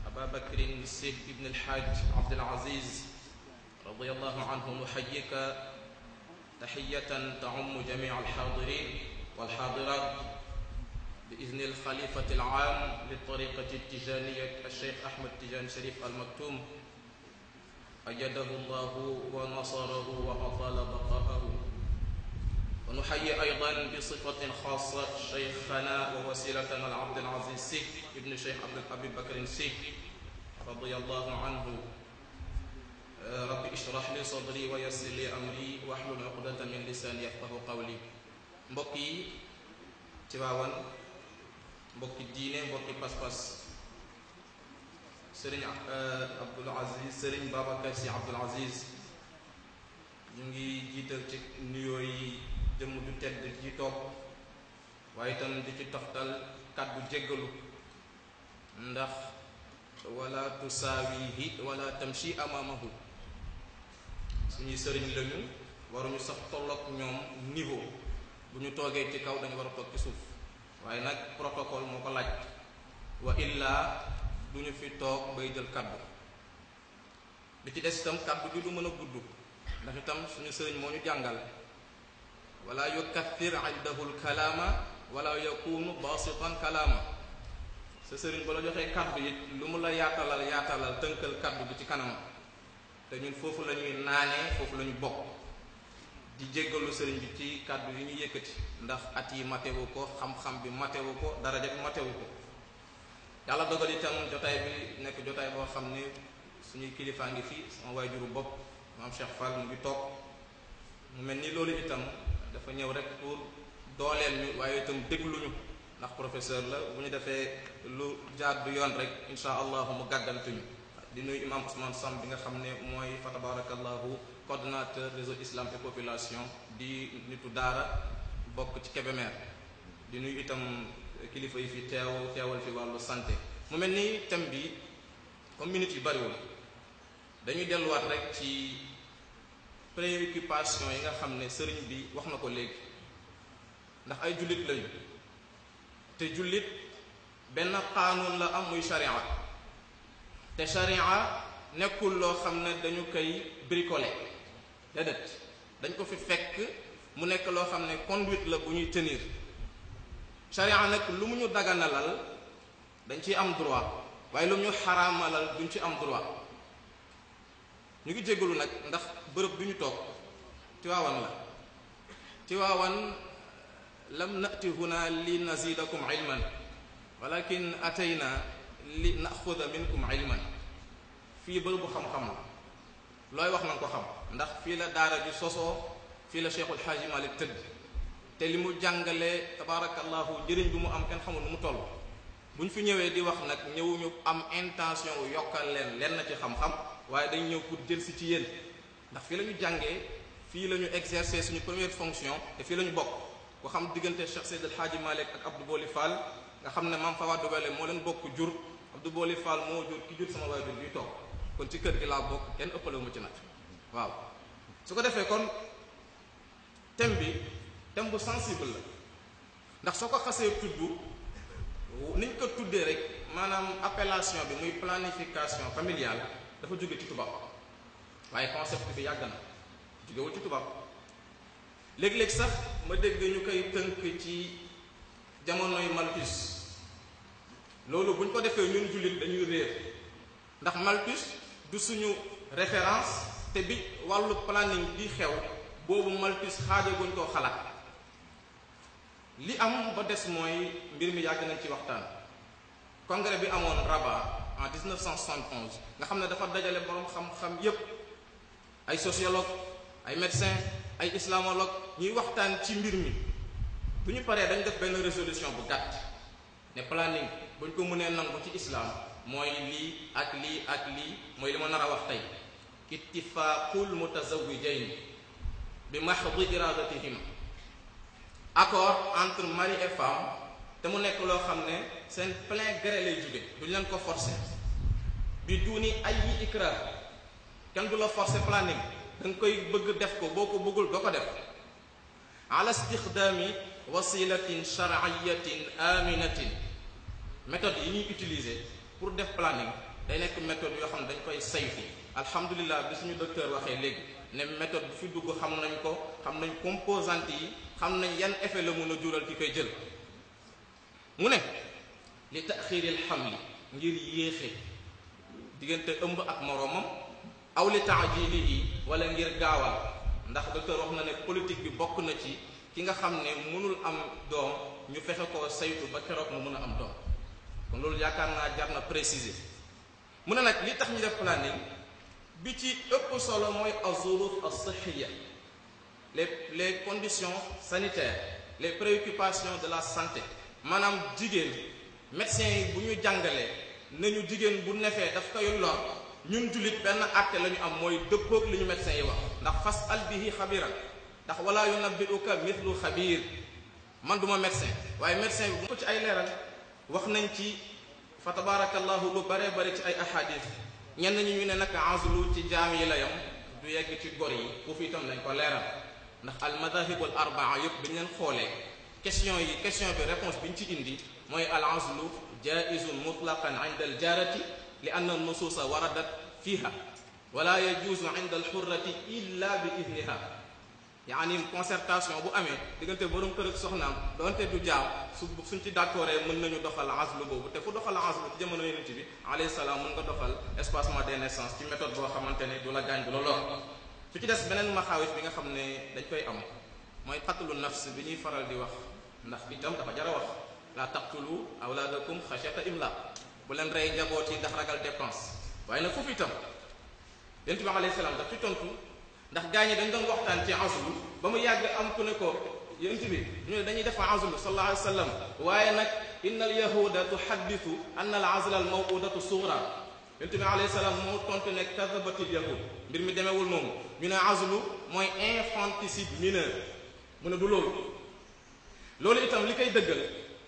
Ababakrin Si ibn alxaaj Abdul Aziz radiyallahu anhu nuxayyika taxiyatan tacummu jamica alxaadirin walxaadirat بإذن الخليفة العام للطريقة التجانية الشيخ أحمد تجان شريف المكتوم أجده الله ونصره وأطال بقاءه ونحيي أيضا بصفة خاصة شيخنا ووسيلتنا العبد العزيز سيك ابن شيخ عبد أبي بكر سيك رضي الله عنه رب اشرح li sadri wa yassir li amri wahlul uqdatan min lisani yafqahu qawli mbokk yi ci waawan mbokki diine mbokki pas-pas sëriñ euh, Abdul Aziz sëriñ Babacar Sy Abdul Aziz ñu ngi jiital ci nuyoo yi jëmm ju tedd ci toog waaye itam di ci toxtal kàddu jéggalu ndax wala tusaawihi wala tamshi amaamahu suñuy sëriñ lañu waruñu sax tolloog ñoom niveau bu ñu toogee ci kaw dañu war a toog ci suuf waaye nag protocole moo ko laaj wa illaa du ñu fi toog bay jël kaddu li ci des itam kaddu bi du mën a gudd ndax itam suñu sëriñ moo ñu jàngal wala yukathir indahul kalaama wala yakunu basitan kalaama sa sëriñ ba la joxee kaddu it lu mu la yaatalal yaatalal tënkal kaddu bi ci kanam te ñun foofu la ñuy naanee foofu la ñu bokk di jéggalu sëriñ bi ci kàddu yi ñu yëkkati ndax at yi matewu ko xam-xam bi matewu ko dara bi matewu ko yàlla dogal itam jotaay bi nekk jotaay boo xam ne suñuy kilifaa ngi fi sama waajuru bopp maam mu ngi toog mu mel ni loolu itam dafa ñëw rek pour dooleel ñu waaye itam dégluñu ndax professeur la bu ñu defee lu jaar yoon rek insha allahu mu gàddantuñu di nuyu imam Ousmane Sam bi nga xam ne mooy fa tabarakallahu coordonnateur réseau islam et population di nitu daara bokk ci Kébémer di nuy itam kilifa yi fi teew teewal fi wàllu santé mu mel ni thème bi comme yu bariwul dañuy delluwaat rek ci préoccupation yi nga xam ne sëriñ bi wax na ko léegi ndax ay jullit lañu te jullit benn xaanuun la am muy sharia te sharia nekkul loo xam ne dañu koy bricoler déedéet dañ ko fi fekk mu nekk loo xam ne conduite la bu ñuy tenir charia nag lu mu ñu daganalal dañ ciy am droit waaye lu mu ñu xaraamalal duñ ci am droit ñu ngi jégalu nag ndax bërëb bu ñu toog Tiwaawan la Tiwaawan lam nati huna li nazidakum ilman walakin atayna li naxuda minkum ilman fii bërëbu xam-xam la looy wax na nga ko xam ndax fii la daara ju sosoo fii la Cheikhul Xaaji Malik tëdd te li mu jàngalee tabaarakallaahu njëriñ bi mu am kenn xamul nu mu toll bu ñu fi ñëwee di wax nag ñëwuñu am intention wu yokkal leen lenn ci xam-xam waaye dañ ñëw pour jël si ci yéen ndax fii la ñu jàngee fii la ñu exercer suñu première fonction te fii la ñu bokk ku xam diggante Cheikh Seydi El Hadji Malick ak Abdou Boli Fall nga xam ne maam Fawa Dubale moo leen bokk jur Abdou Boli Fall moo jur ki jur sama waajur toog kon ci kër gi laa bokk kenn ëppale ci nag waaw su ko defee kon thème bi thème bu sensible la ndax soo ko xasee tudd niñ ko tuddee rek maanaam appellation bi muy planification familiale dafa jóge ci tubaab waaye concept bi yàgg na jógewul ci tubaab léeg-léeg sax ma dégg ñu koy tënk ci jamonoy Malthus loolu bu ñu ko defee ñun jullit dañuy réer ndax Malthus du suñu référence te bi wàllu planning di xew boobu Malthus buñ koo xalaat li am ba des mooy mbir mi yàgg nañ ci waxtaan congrès bi amoon Rabat en 1971 nga xam ne dafa dajale borom xam-xam yépp ay sociologue ay médecin ay islamologue ñuy waxtaan ci mbir mi bu ñu paree dañ def benn résolution bu gàtt ne planning buñ ko mënee nangu ci islam mooy lii ak lii ak lii mooy li ma nar a wax tey ittifaaqul mutazawijayn bi mahdi iradatihim accord entre mari et femme te mu nekk loo xam ne seen plein gré lay jóge duñ leen ko forcer bi duuni ay yi ikra kenn du la forcer planning da koy bëgg def ko boo ko bëggul doo ko def ala istixdaami wasilatin shariyatin aminatin méthode yi ñuy utiliser pour def planning day nekk méthode yoo xam ne dañ koy sayu saytu alhamdulilah bi suñu docteur waxee léegi ne méthode bu fi dugg xam nañ ko xam nañ composante yi xam nañ yan effet la mun a jural ki koy jël mu ne li xam xamli ngir yéexe diggante ëmb ak moroomam aw li taajili yi walla ngir gaawal ndax docteur wax na ne politique bi bokk na ci ki nga xam ne mënul am doom ñu fexe ko saytu ba keroog mu mën a am doom kon loolu yaakaar naa jar na préciser mu ne nag li tax ñu def planning bi ci ëpp solo mooy azuruf as-sihhiya les les conditions sanitaires les préoccupations de la santé maanaam jigéen médecins yi bu ñu jàngalee nañu jigéen bu nefee daf koy lor ñun jullit benn acte lañu am mooy dëppoog li ñu médecins yi wax ndax fas al bihi xabiran ndax wala yunabbi'uka mithlu xabir man duma médecin waaye médecin bi bu ko ci ay leeral wax nañ ci fa tabarakallahu bu bare bare ci ay ahadith ñenn ñi ñu ne nag azlu ci jaam yi la yam du yegg ci gor yi foofu itam nañ ko leeral ndax al madahibul arbaa yëpp bi ñu leen xoolee question yi question bi réponse bi ñu ci indi mooy al azlu jaizun mutlaqan inda al jaarati li anna nusuusa waradat fiiha wala yajuusu inda al xurrati illa bi idniha yaani concertation bu amee diggante borom kër ak soxnaam doonte du jaaw su suñ ci d'accordee mën nañu doxal aslu boobu te fu doxal aslu ci jamono yonent bi alayhi salaam mën nga doxal espacement des naissances ci méthode boo xamante ne du la gaañ du la lor su ci des beneen maxaawis bi nga xam ne dañ koy am mooy qatlu nafs bi ñuy faral di wax ndax itam dafa jar a wax la taqtulu awlaadakum xashyata imlaq bu leen rey njaboot yi ndax ragal dépense waaye nag foofu itam yonent bi alayhi salaam ndax gaañe dañ doon waxtaan ci azlu ba mu yàgg am ku ne ko yonent bi ñu ne dañuy def azlu sallallahu alayhi waaye nag inna al yahuda tuhaddithu anna al azla al mawudatu sughra yonent bi alayhi salaam moo tontu ne kadabatil yahud mbir mi demewul noonu ñu ne azlu mooy infanticide mineur mu ne du loolu loolu itam li koy dëggal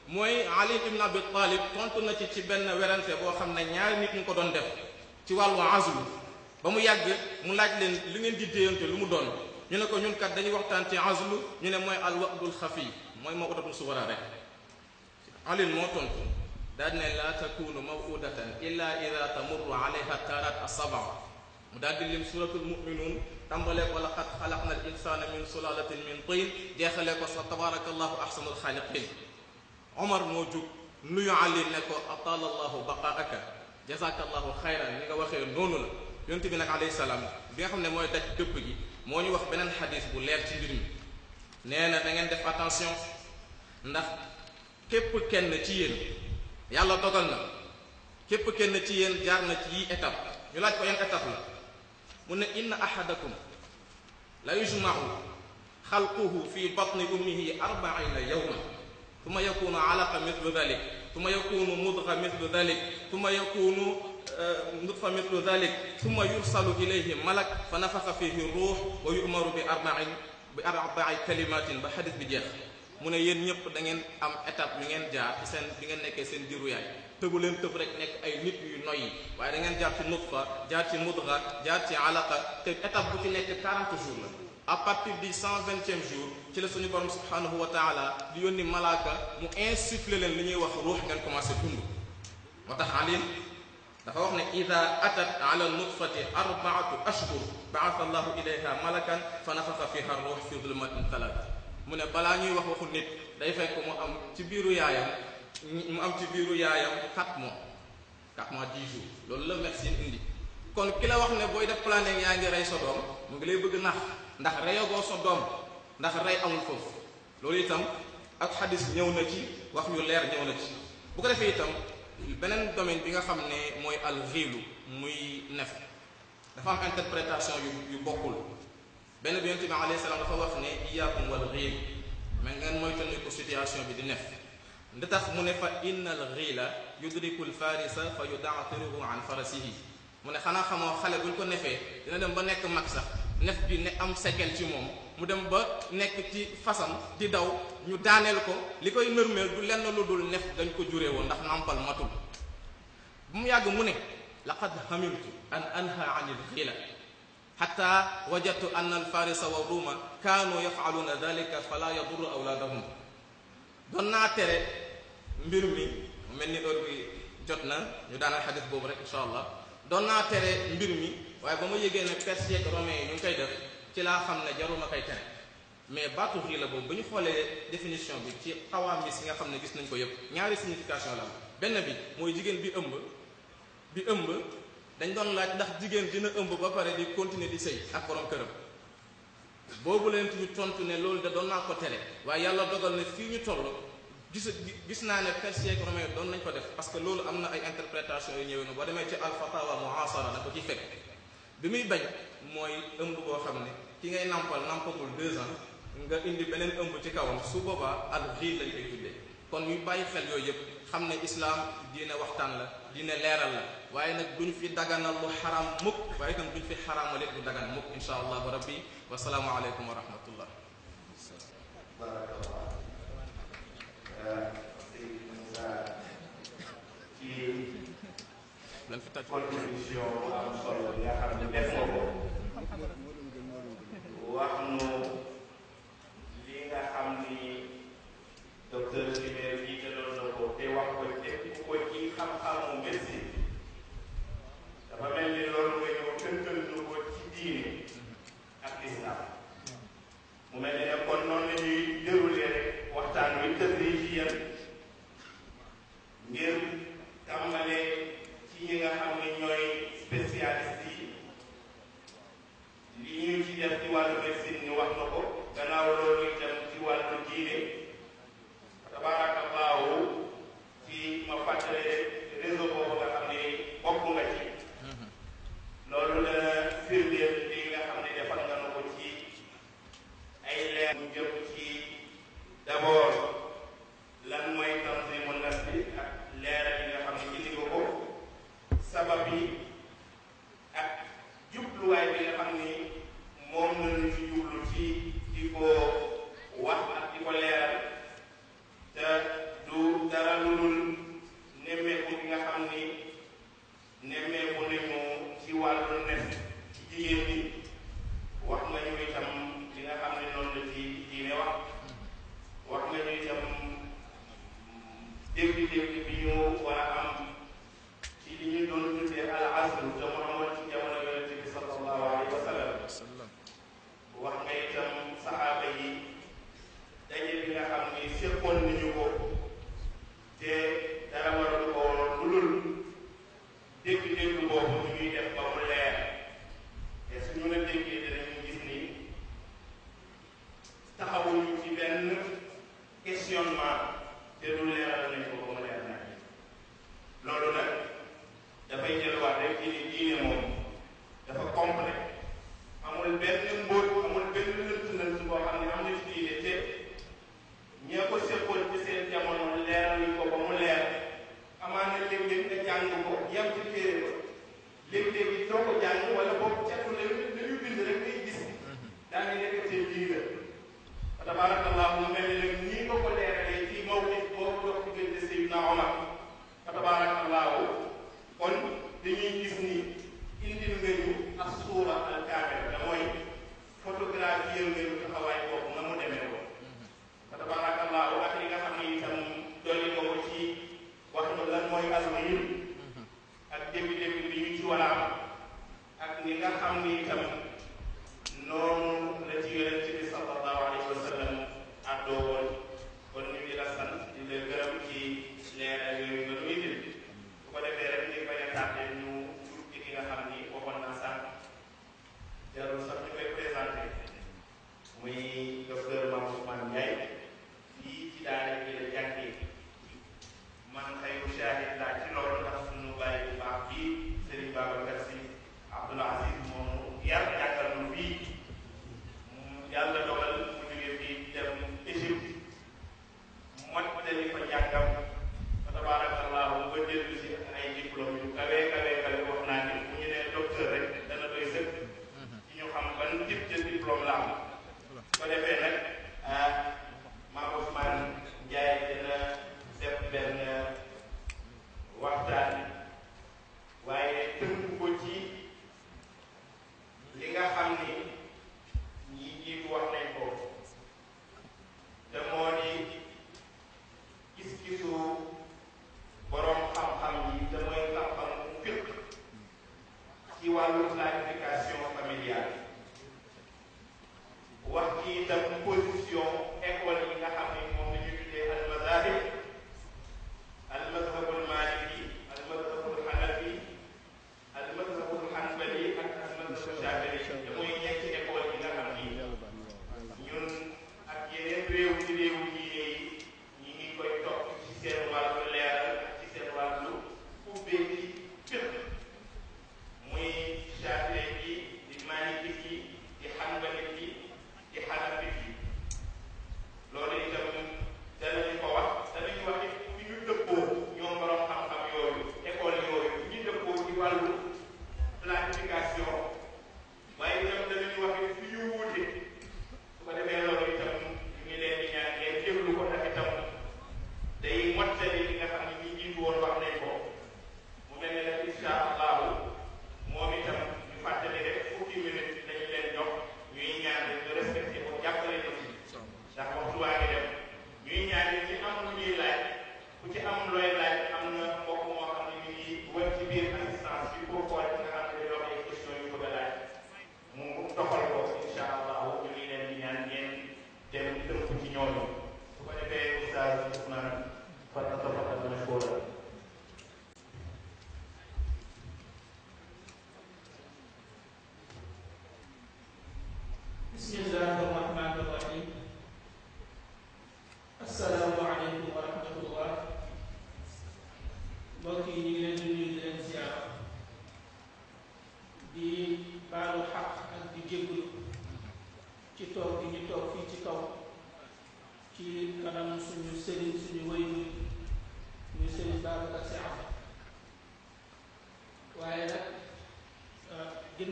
mooy ali ibn abi talib tontu na ci ci benn werante boo xam ne ñaari nit ñu ko doon def ci wàllu azlu ba mu yàgg mu laaj leen li ngeen di déyante lu mu doon ñu ne ko ñun dañuy waxtaan ci azlu ñu ne mooy al waqdul xafi mooy mawudatul suwara rek alin moo tontu daal ne laa takunu mawudatan illa ida tamurru alayha tarat mu daal di lim suratul muminuun tàmbalee ko laqad xalaqna al insana min sulalatin min tin jeexalee ko sa tabarakallahu ahsanul xaaliqin omar moo jug nuyu ali ne ko atala allahu baqaaka jazakallahu xayran ni nga waxee noonu la yonent bi nag alayhi salaam bi nga xam ne mooy daj dëpp gi moo ñu wax beneen xadis bu leer ci mbir mi nee na da def attention ndax képp kenn ci yéen yàlla dogal na képp kenn ci yéen jaar na ci yi étape ñu laaj ko yan étape la mu ne inna ahadakum la yujma'u xalquhu fi batni ummihi arbaina yawman thumma yakunu alaqa mithlu dhalik thumma yakunu yakunu nutfa mithlu dhalik thumma yursalu ilayhi malak fa nafaxa fihi ruux wa yu'maru bi arbain bi arbai kalimatin ba xadis bi jeex mu ne yéen ñëpp da ngeen am étape yu ngeen jaar ci seen bi ngeen nekkee seen diiru yaay tëbu leen tëb rek nekk ay nit yu noyyi waaye da ngeen jaar ci nutfa jaar ci mudga jaar ci alaqa te étape bu ci nekk 40 jours la à partir du 120e jour ci la suñu borom subhanahu wa taala di yónni malaaka mu insufflé leen li ñuy wax ruux ngeen commencé dund dafa wax ne ida atat ala nutfati arbaatu ashhur baasa allahu ilayha malakan fa nafaxa fiha ruux fi dulmatin thalath mu ne balaa ñuy wax waxu nit day fekk mu am ci biiru yaayam mu am ci biiru yaayam 4 mois 4 mois loolu la médecine indi kon ki la wax ne booy def planning yaa ngi rey sa mu ngi lay bëgg nax ndax reyagoo sa doom ndax rey amul foofu loolu itam ak xadis ñëw na ci wax yu leer ñëw na ci bu ko defee itam beneen domaine bi nga xam ne mooy al xiilu muy nefe dafa am interprétation yu bokkul benn bi yu bi alayhi salaam dafa wax ne iyaakum wal xiil mais ngeen moytandiku situation bi di nef nda mu ne fa inna al xiila yudriku al farisa fa yudaatiruhu an farasihi mu ne xanaa xamoo xale buñ ko nefee dina dem ba nekk mag sax nef bi ne am sekel ci moom mu dem ba nekk ci fasam di daw ñu daaneel ko li koy nërmeel du lenn lu dul nekk dañ ko juree woon ndax nàmpal matul bu mu yàgg mu ne laqad hamiltu an anha anil xiila xatta wajadtu anna alfarisa wa ruuma kaanu yafaaluuna dalika fala yaduru awlaadahum doon naa tere mbir mi mel ni heure jot na ñu daanal xadis boobu rek incha allah doon naa tere mbir mi waaye ba ma yëgee ne perse ak romain yi ñu koy def ci laa xam ne jaruma koy tere mais baatu xiila boobu bu ñu xoolee définition bi ci bi si nga xam ne gis nañ ko yëpp ñaari signification la benn bi mooy jigéen bi ëmb bi ëmb dañ doon laaj ndax jigéen dina ëmb ba pare di continuer di sëy ak borom këram boobu leen ñu tontu ne loolu da doon naa ko tere waaye yàlla dogal ne fii ñu toll gis gis naa ne persier ak romain doon nañ ko def parce que loolu am na ay interprétation yu ñëwee na boo demee ci alfatawa muasara da ko ci fekk bi muy bañ mooy ëmb boo xam ne ki ngay nampal nampagul deux ans nga indi beneen ëmb ci kawam su boobaa al xiid lañ koy tuddee kon ñu bàyyi xel yooyu yëpp xam ne islaam diine waxtaan la diine leeral la waaye nag duñ fi daganal lu xaram mukk waaye itam duñ fi xaraamal it lu dagan mukk insha allahu rabbi wasalaamu aleykum wa rahmatullah lan fi tàcc contribution solo yaa xam ne defoo ko wax nu li nga xam ni docteur Simbel jiitaloon na ko te wax ko te ku ko ci xam-xamu médecine dafa mel ni loolu nga ñëw tënkal nu ko ci diine ak lislaam mu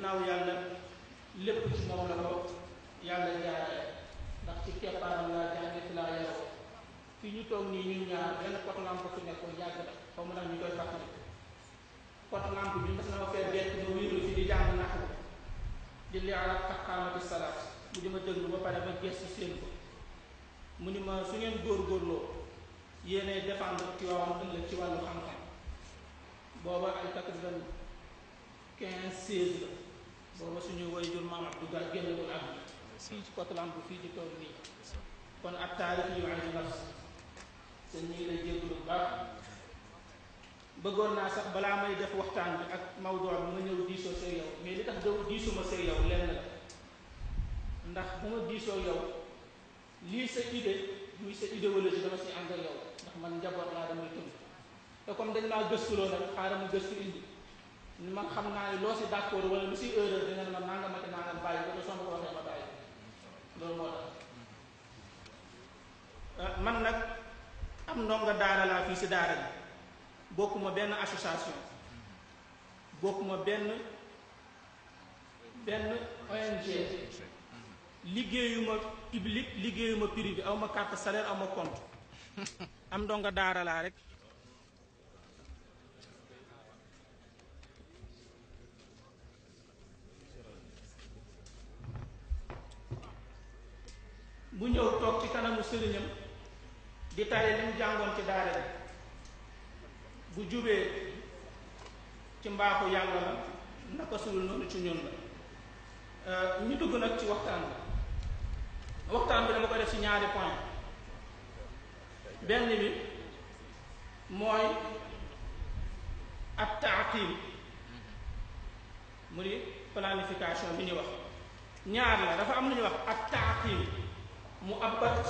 ginnaaw yàlla lépp ci moom la ko yàlla jaaree ndax ci keppaaram laa jànge fi laa yaroo fi ñu toog nii ñun ñaar benn pot lampe fi nekkoon yàgg na xaw na ma fee bett ma wiiru ma déglu ba pare ba gestu ma su ngeen góorgóorloo yéenay défendre Tiwaawan ëllëg ci wàllu xam-xam booba ay quatre-vingt-quinze seize la Scotland bu fii ñu toog nii kon ak taarix yu ay nafs te ñu lay jéglu bu baax bëggoon naa sax balaa may def waxtaan bi ak Maodo bi ma ñëw diisoo see yow mais li tax doo diisuma see yow lenn la ndax ma diisoo yow lii sa idée muy sa idéologie si man njaboot laa damay tënk te comme dañ naa gëstuloo nag xaaral ma gëstu indi man xam naa ne loo si d'accord wala lu si erreur dinañ ma nangam ak nangam bàyyi ko te soo ma ko loolu euh, man nag am ndongo daara fii si daara bokkuma benn association bokkuma benn benn ONG liggéeyuma public liggéeyuma privé aw ma carte salaire aw ma compte am ndonga daara laa rek bu ñëw toog ci kanamu sëriñam di tare li jàngoon ci daara ji bu jubee ci mbaaxu yàlla la naka noonu ci ñun la euh, ñu dugg nag ci waxtaan bi waxtaan bi dama ko def ci ñaari point benn bi mooy at taaqim mu di planification bi ñuy wax ñaar la dafa am lu ñuy wax at taaqim mu abbat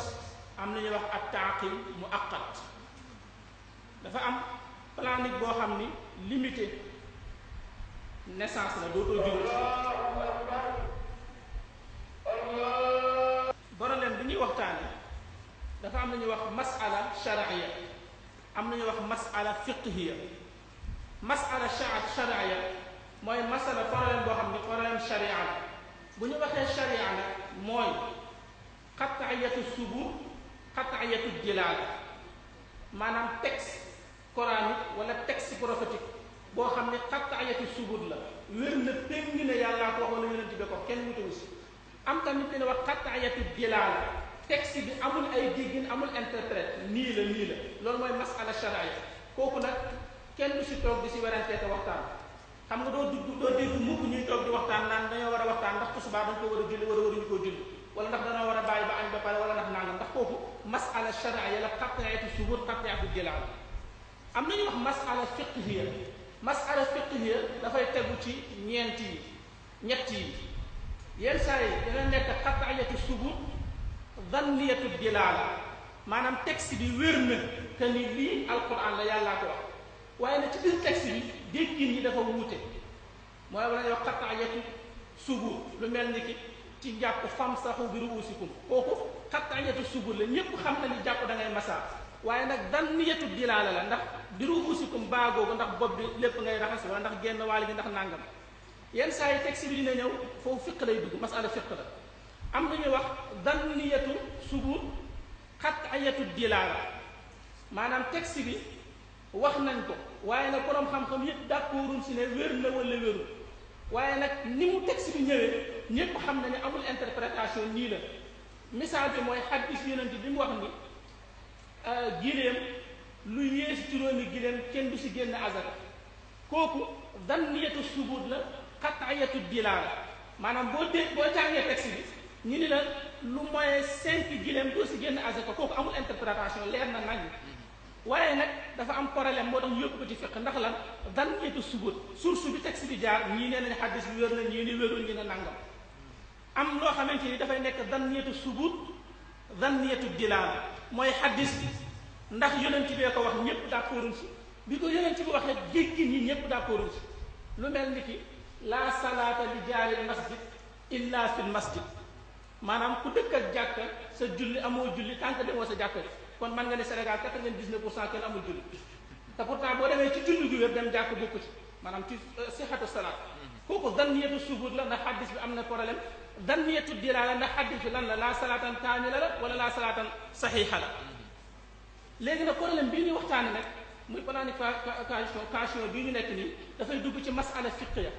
am nañu wax ak taaqim mu aqat dafa am planique boo xam ni limité nessance la dootoo jur boroleen bi ñuy waxtaane dafa am na nañu wax masala shar'iyya am nañu wax masala fiqhiyya masala shar'iyya mooy masala problème boo xam ni problème sharia la bu ñu waxee sharia la mooy xataayatu subut xataayatu jilaal maanaam texte coranique wala texte prophétique boo xam ne xataayatu subut la wér na péng ne yàllaa ko wax wala yonent bi ko kenn wutewu si am tamit dina wax xataayatu jilaal texte bi amul ay déggin amul interprète nii la nii la loolu mooy masala sharia kooku nag kenn du si toog di si werantee te waxtaan xam nga doo dugg doo dégg mukk ñuy toog di waxtaan naan dañoo war a waxtaan ndax ko subaa dañ ko war a julli war a julli wala ndax dana war a bàyyi ba añ ba pare wala ndax nangam ndax kooku masala charia la xaqiatu subut xaqiatu jëlaal am nañu wax masala fiqhiya masala fiqhiya dafay tegu ci ñeent ñetti yi yenn saa yi dana nekk xaqiatu subut danniyatu jëlaal maanaam texte bi wér na te ni lii alquran la yàllaa ko wax waaye nag ci biir texte bi déggin yi dafa wuute mooy wala ñuy wax xaqiatu subut lu mel ni ki ci jàpp famsahu bi ruusikum kooku xattaaniyatu subur la ñépp xam na ni jàpp da ngay masaa waaye nag dan niyatu dilaala la ndax bi ruusikum baagoogu ndax bopp bi lépp ngay raxas wala ndax génn waal gi ndax nàngam yenn saa yi texte bi dina ñëw foofu fiq lay dugg masala fiq la am nañu wax dan niyatu subur xattaaniyatu dilaala maanaam texte bi wax nañ ko waaye nag boroom xam-xam yépp d'accorduñ si ne wér na wala wérul waaye nag ni mu teg bi ñëwee ñépp xam na ne amul interprétation nii la misaal bi mooy xaddis yonent bi mu wax ni euh, giléem lu ci juróomi giléem kenn du si génn azaka kooku danniyatu subut la xataayatu dilaala maanaam boo de boo jàngee texte bi ñu ni la lu moyen cinq giléem doo si génn azaka kooku amul interprétation leer na nañ waaye nag dafa am problème moo tax yóbbu ko ci fiq ndax lan dan ñeetu subut su bi texte bi jaar ñii nee nañ xaddis bi wér nañ ñii ni wérul ñi ne nangam am loo xamante ni dafay nekk dan ñeetu subut dan ñeetu dilaal mooy xaddis bi ndax ci bee ko wax ñëpp d'accorduñ si bi ko yonent bi waxee dégg ñi ñëpp d'accorduñ si lu mel ni ki la salaata li jaaril masjid illa fil masjid maanaam ku dëkk ak jàkka sa julli amoo julli tànk demoo sa jàkka ji kon man nga ne Sénégal 99 pour cent kenn amul jullit te pourtant boo demee ci julli gi wér dem jàkk bokku ci maanaam ci euh, sixatu salaat kooku la ndax xaddis bi am na problème danniyatu dilaala ndax xaddis bi lan la laa salaatan kaamila la wala laa salaatan saxiixa la léegi nag problème bi ñuy waxtaan waxtaane nag muy planification cation bii ñu nekk nii dafay dugg ci masala fiqiya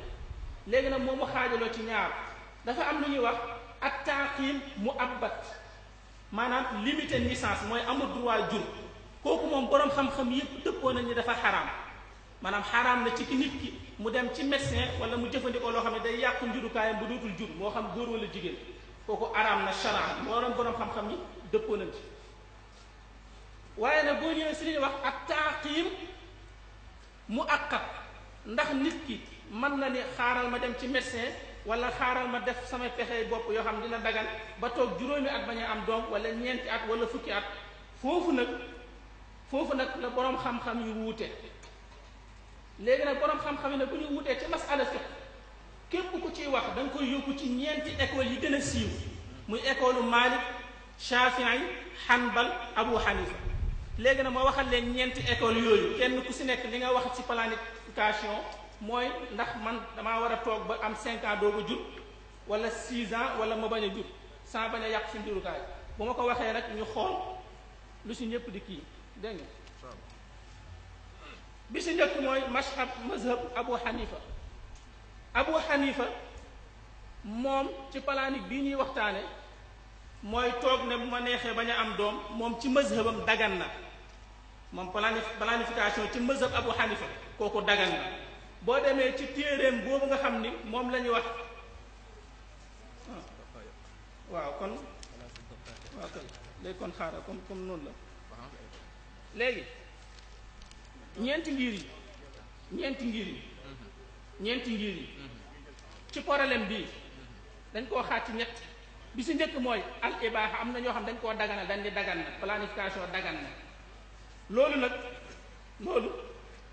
léegi nag moom mu xaajaloo ci ñaar dafa am lu ñuy wax ak taaqiim mu abbat maanaam limité naissance mooy amul droit jur kooku moom boroom xam-xam yépp dëppoo nañu dafa xaraam maanaam xaraam na ci ki nit ki mu dem ci médecin wala mu jëfandikoo loo xam ne day yàq njurukaayam bu dootul jur moo xam góor wala jigéen kooku araam na charan looloon boroom xam-xam yi dëppoo nañ ci waaye nag boo ñëwee si li ñuy wax ak taaqim mu àqat ndax nit ki mën na ni xaaral ma dem ci médecin wala xaaral ma def samay pexey bopp yoo xam dina dagan ba toog juróomi at bañ a am doom wala ñeenti at wala fukki at foofu nag foofu nag la boroom xam-xam yu wuute léegi nag boroom xam-xam yi nag bu ñu wuutee ci masala fiq képp ku ciy wax danga nga koy yóbbu ci ñeenti école yi gën a siiw muy école Malik Shafi'i Hanbal Abu Hanifa léegi nag ma waxal leen ñeenti école yooyu kenn ku si nekk li nga wax ci planification mooy ndax man damaa war a toog ba am 5 ans doog a jur wala 6 ans wala ma bañ a jur sans bañ a yàq si njurukaay bu ma ko waxee nag ñu xool lu si ñëpp di kii dégg nga bi si njëkk mooy mashab mazhab abu xanifa abu xanifa moom ci palaanik bii ñuy waxtaane mooy toog ne bu ma neexee bañ a am doom moom ci mazhabam dagan na moom plani planification ci mazhab abu xanifa kooku dagan na boo demee ci téeréem boobu nga xam ni moom la ñu wax waaw kon waaw kay léegi kon xaaral comme comme noonu la léegi ñeenti ngir yi ñeenti ngir yi ñeenti ngir yi ci problème bii dañ koo xaaj ci ñett bi si njëkk mooy al ibaaxa am na ñoo xam dañ koo daganal dañ di dagan na planification dagan loolu nag loolu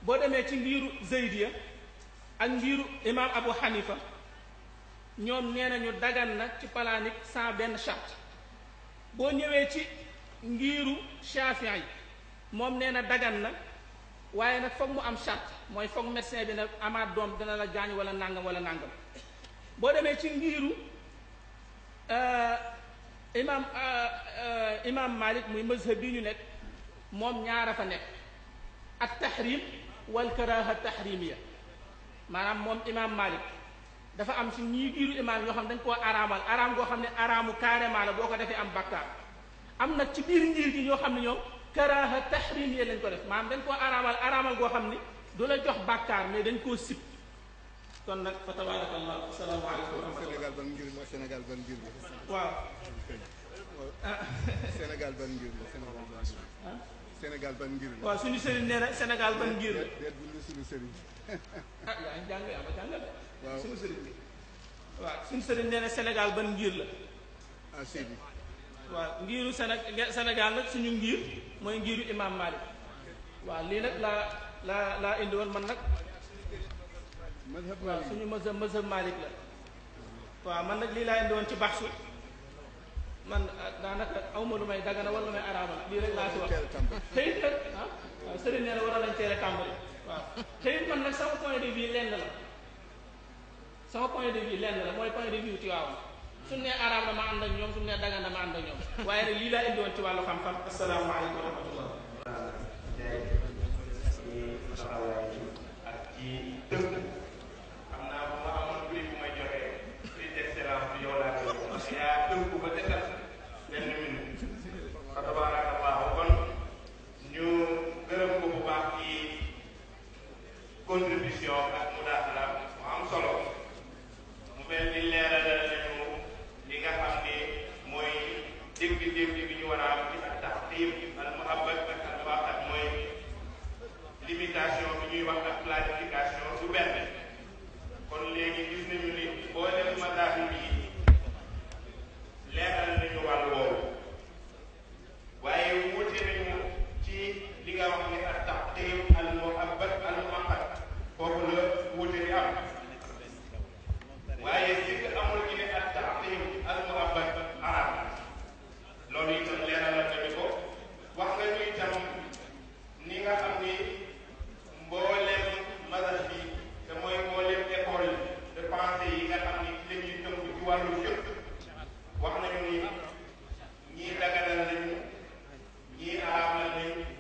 boo demee ci ngiru zeydiya ak ngiru imaam abu xanifa ñoom nee nañu dagan na ci palaanik sans benn charte boo ñëwee ci ngiiru chafia yi moom nee na dagan na waaye nag foog mu am charte mooy foog médecin bi nag amaat doom dina la gaañ wala nàngam wala nàngam boo demee ci ngiiru imaam euh, imaam euh, malik muy mazhab bi ñu nekk moom ñaara fa nekk at tahrim wal karaha tahrimiya maanaam moom imaam Malik dafa am si ñii giiru imaam yoo xam ne dañ koo araamal araam goo xam ne araamu carrément la boo ko defee am bàkkaar am nag ci biir njiir gi ñoo xam ne ñoom karaaha tahrim yee lañ ko def maanaam dañ koo araamal araamal goo xam ne du la jox bàkkaar mais dañ koo sib kon nag fa tabaarakallah salaamaaleykum wa rahmatulah Sénégal ban ngir la Sénégal ban ngir la waaw Sénégal ban ngir la Sénégal ban ngir la senegal ban ngir la waaw suñu sëriñ nee na Sénégal ngir la. déet suñu sëriñ. ah yaa ngi jàng yaa ma jàngal de. waaw suñu sëriñ bi. waaw suñu sëriñ nee na Sénégal ban ngir la. ah Seydi. ngiru Sénégal nag suñu ngir mooy ngiru Imam Malik waaw lii nag laa laa indi woon man nag. mazhab Malik waaw suñu mazhab mazhab Malik la. waaw man nag lii laa indi woon ci baxsu man ah, daanaka aw ma lu may dagana wala lu may araamal lii rek laa ci wax te it nag ah, sëriñ nee na a lañ teel a tàmbali waaw man nag sama point de vue lenn la sama point de vue lenn la mooy point de vue Tiwaawan suñu nee araam dama ànd ñoom suñu nee dagan dama ànd ñoom waaye nag lii laa indi ci wàllu xam-xam asalaamaaleykum wa rahmatullah ak ci kàddu yi leeral nañu wàll waaye wuute nañu ci li nga wax ne ak tax téye al muhabbat al muhabbat foofu la wuute am waaye sikk amul ñu ne ak tax téye al muhabbat arab loolu itam leeral nañu ko wax nga ñuy tam ni nga xam ni mbooleem mazhab bi te mooy mbooleem pensée yi nga xam ni ci la ñuy tënk ci wàllu fiq wax nañu ni ñii daganal nañu ñii araamal nañu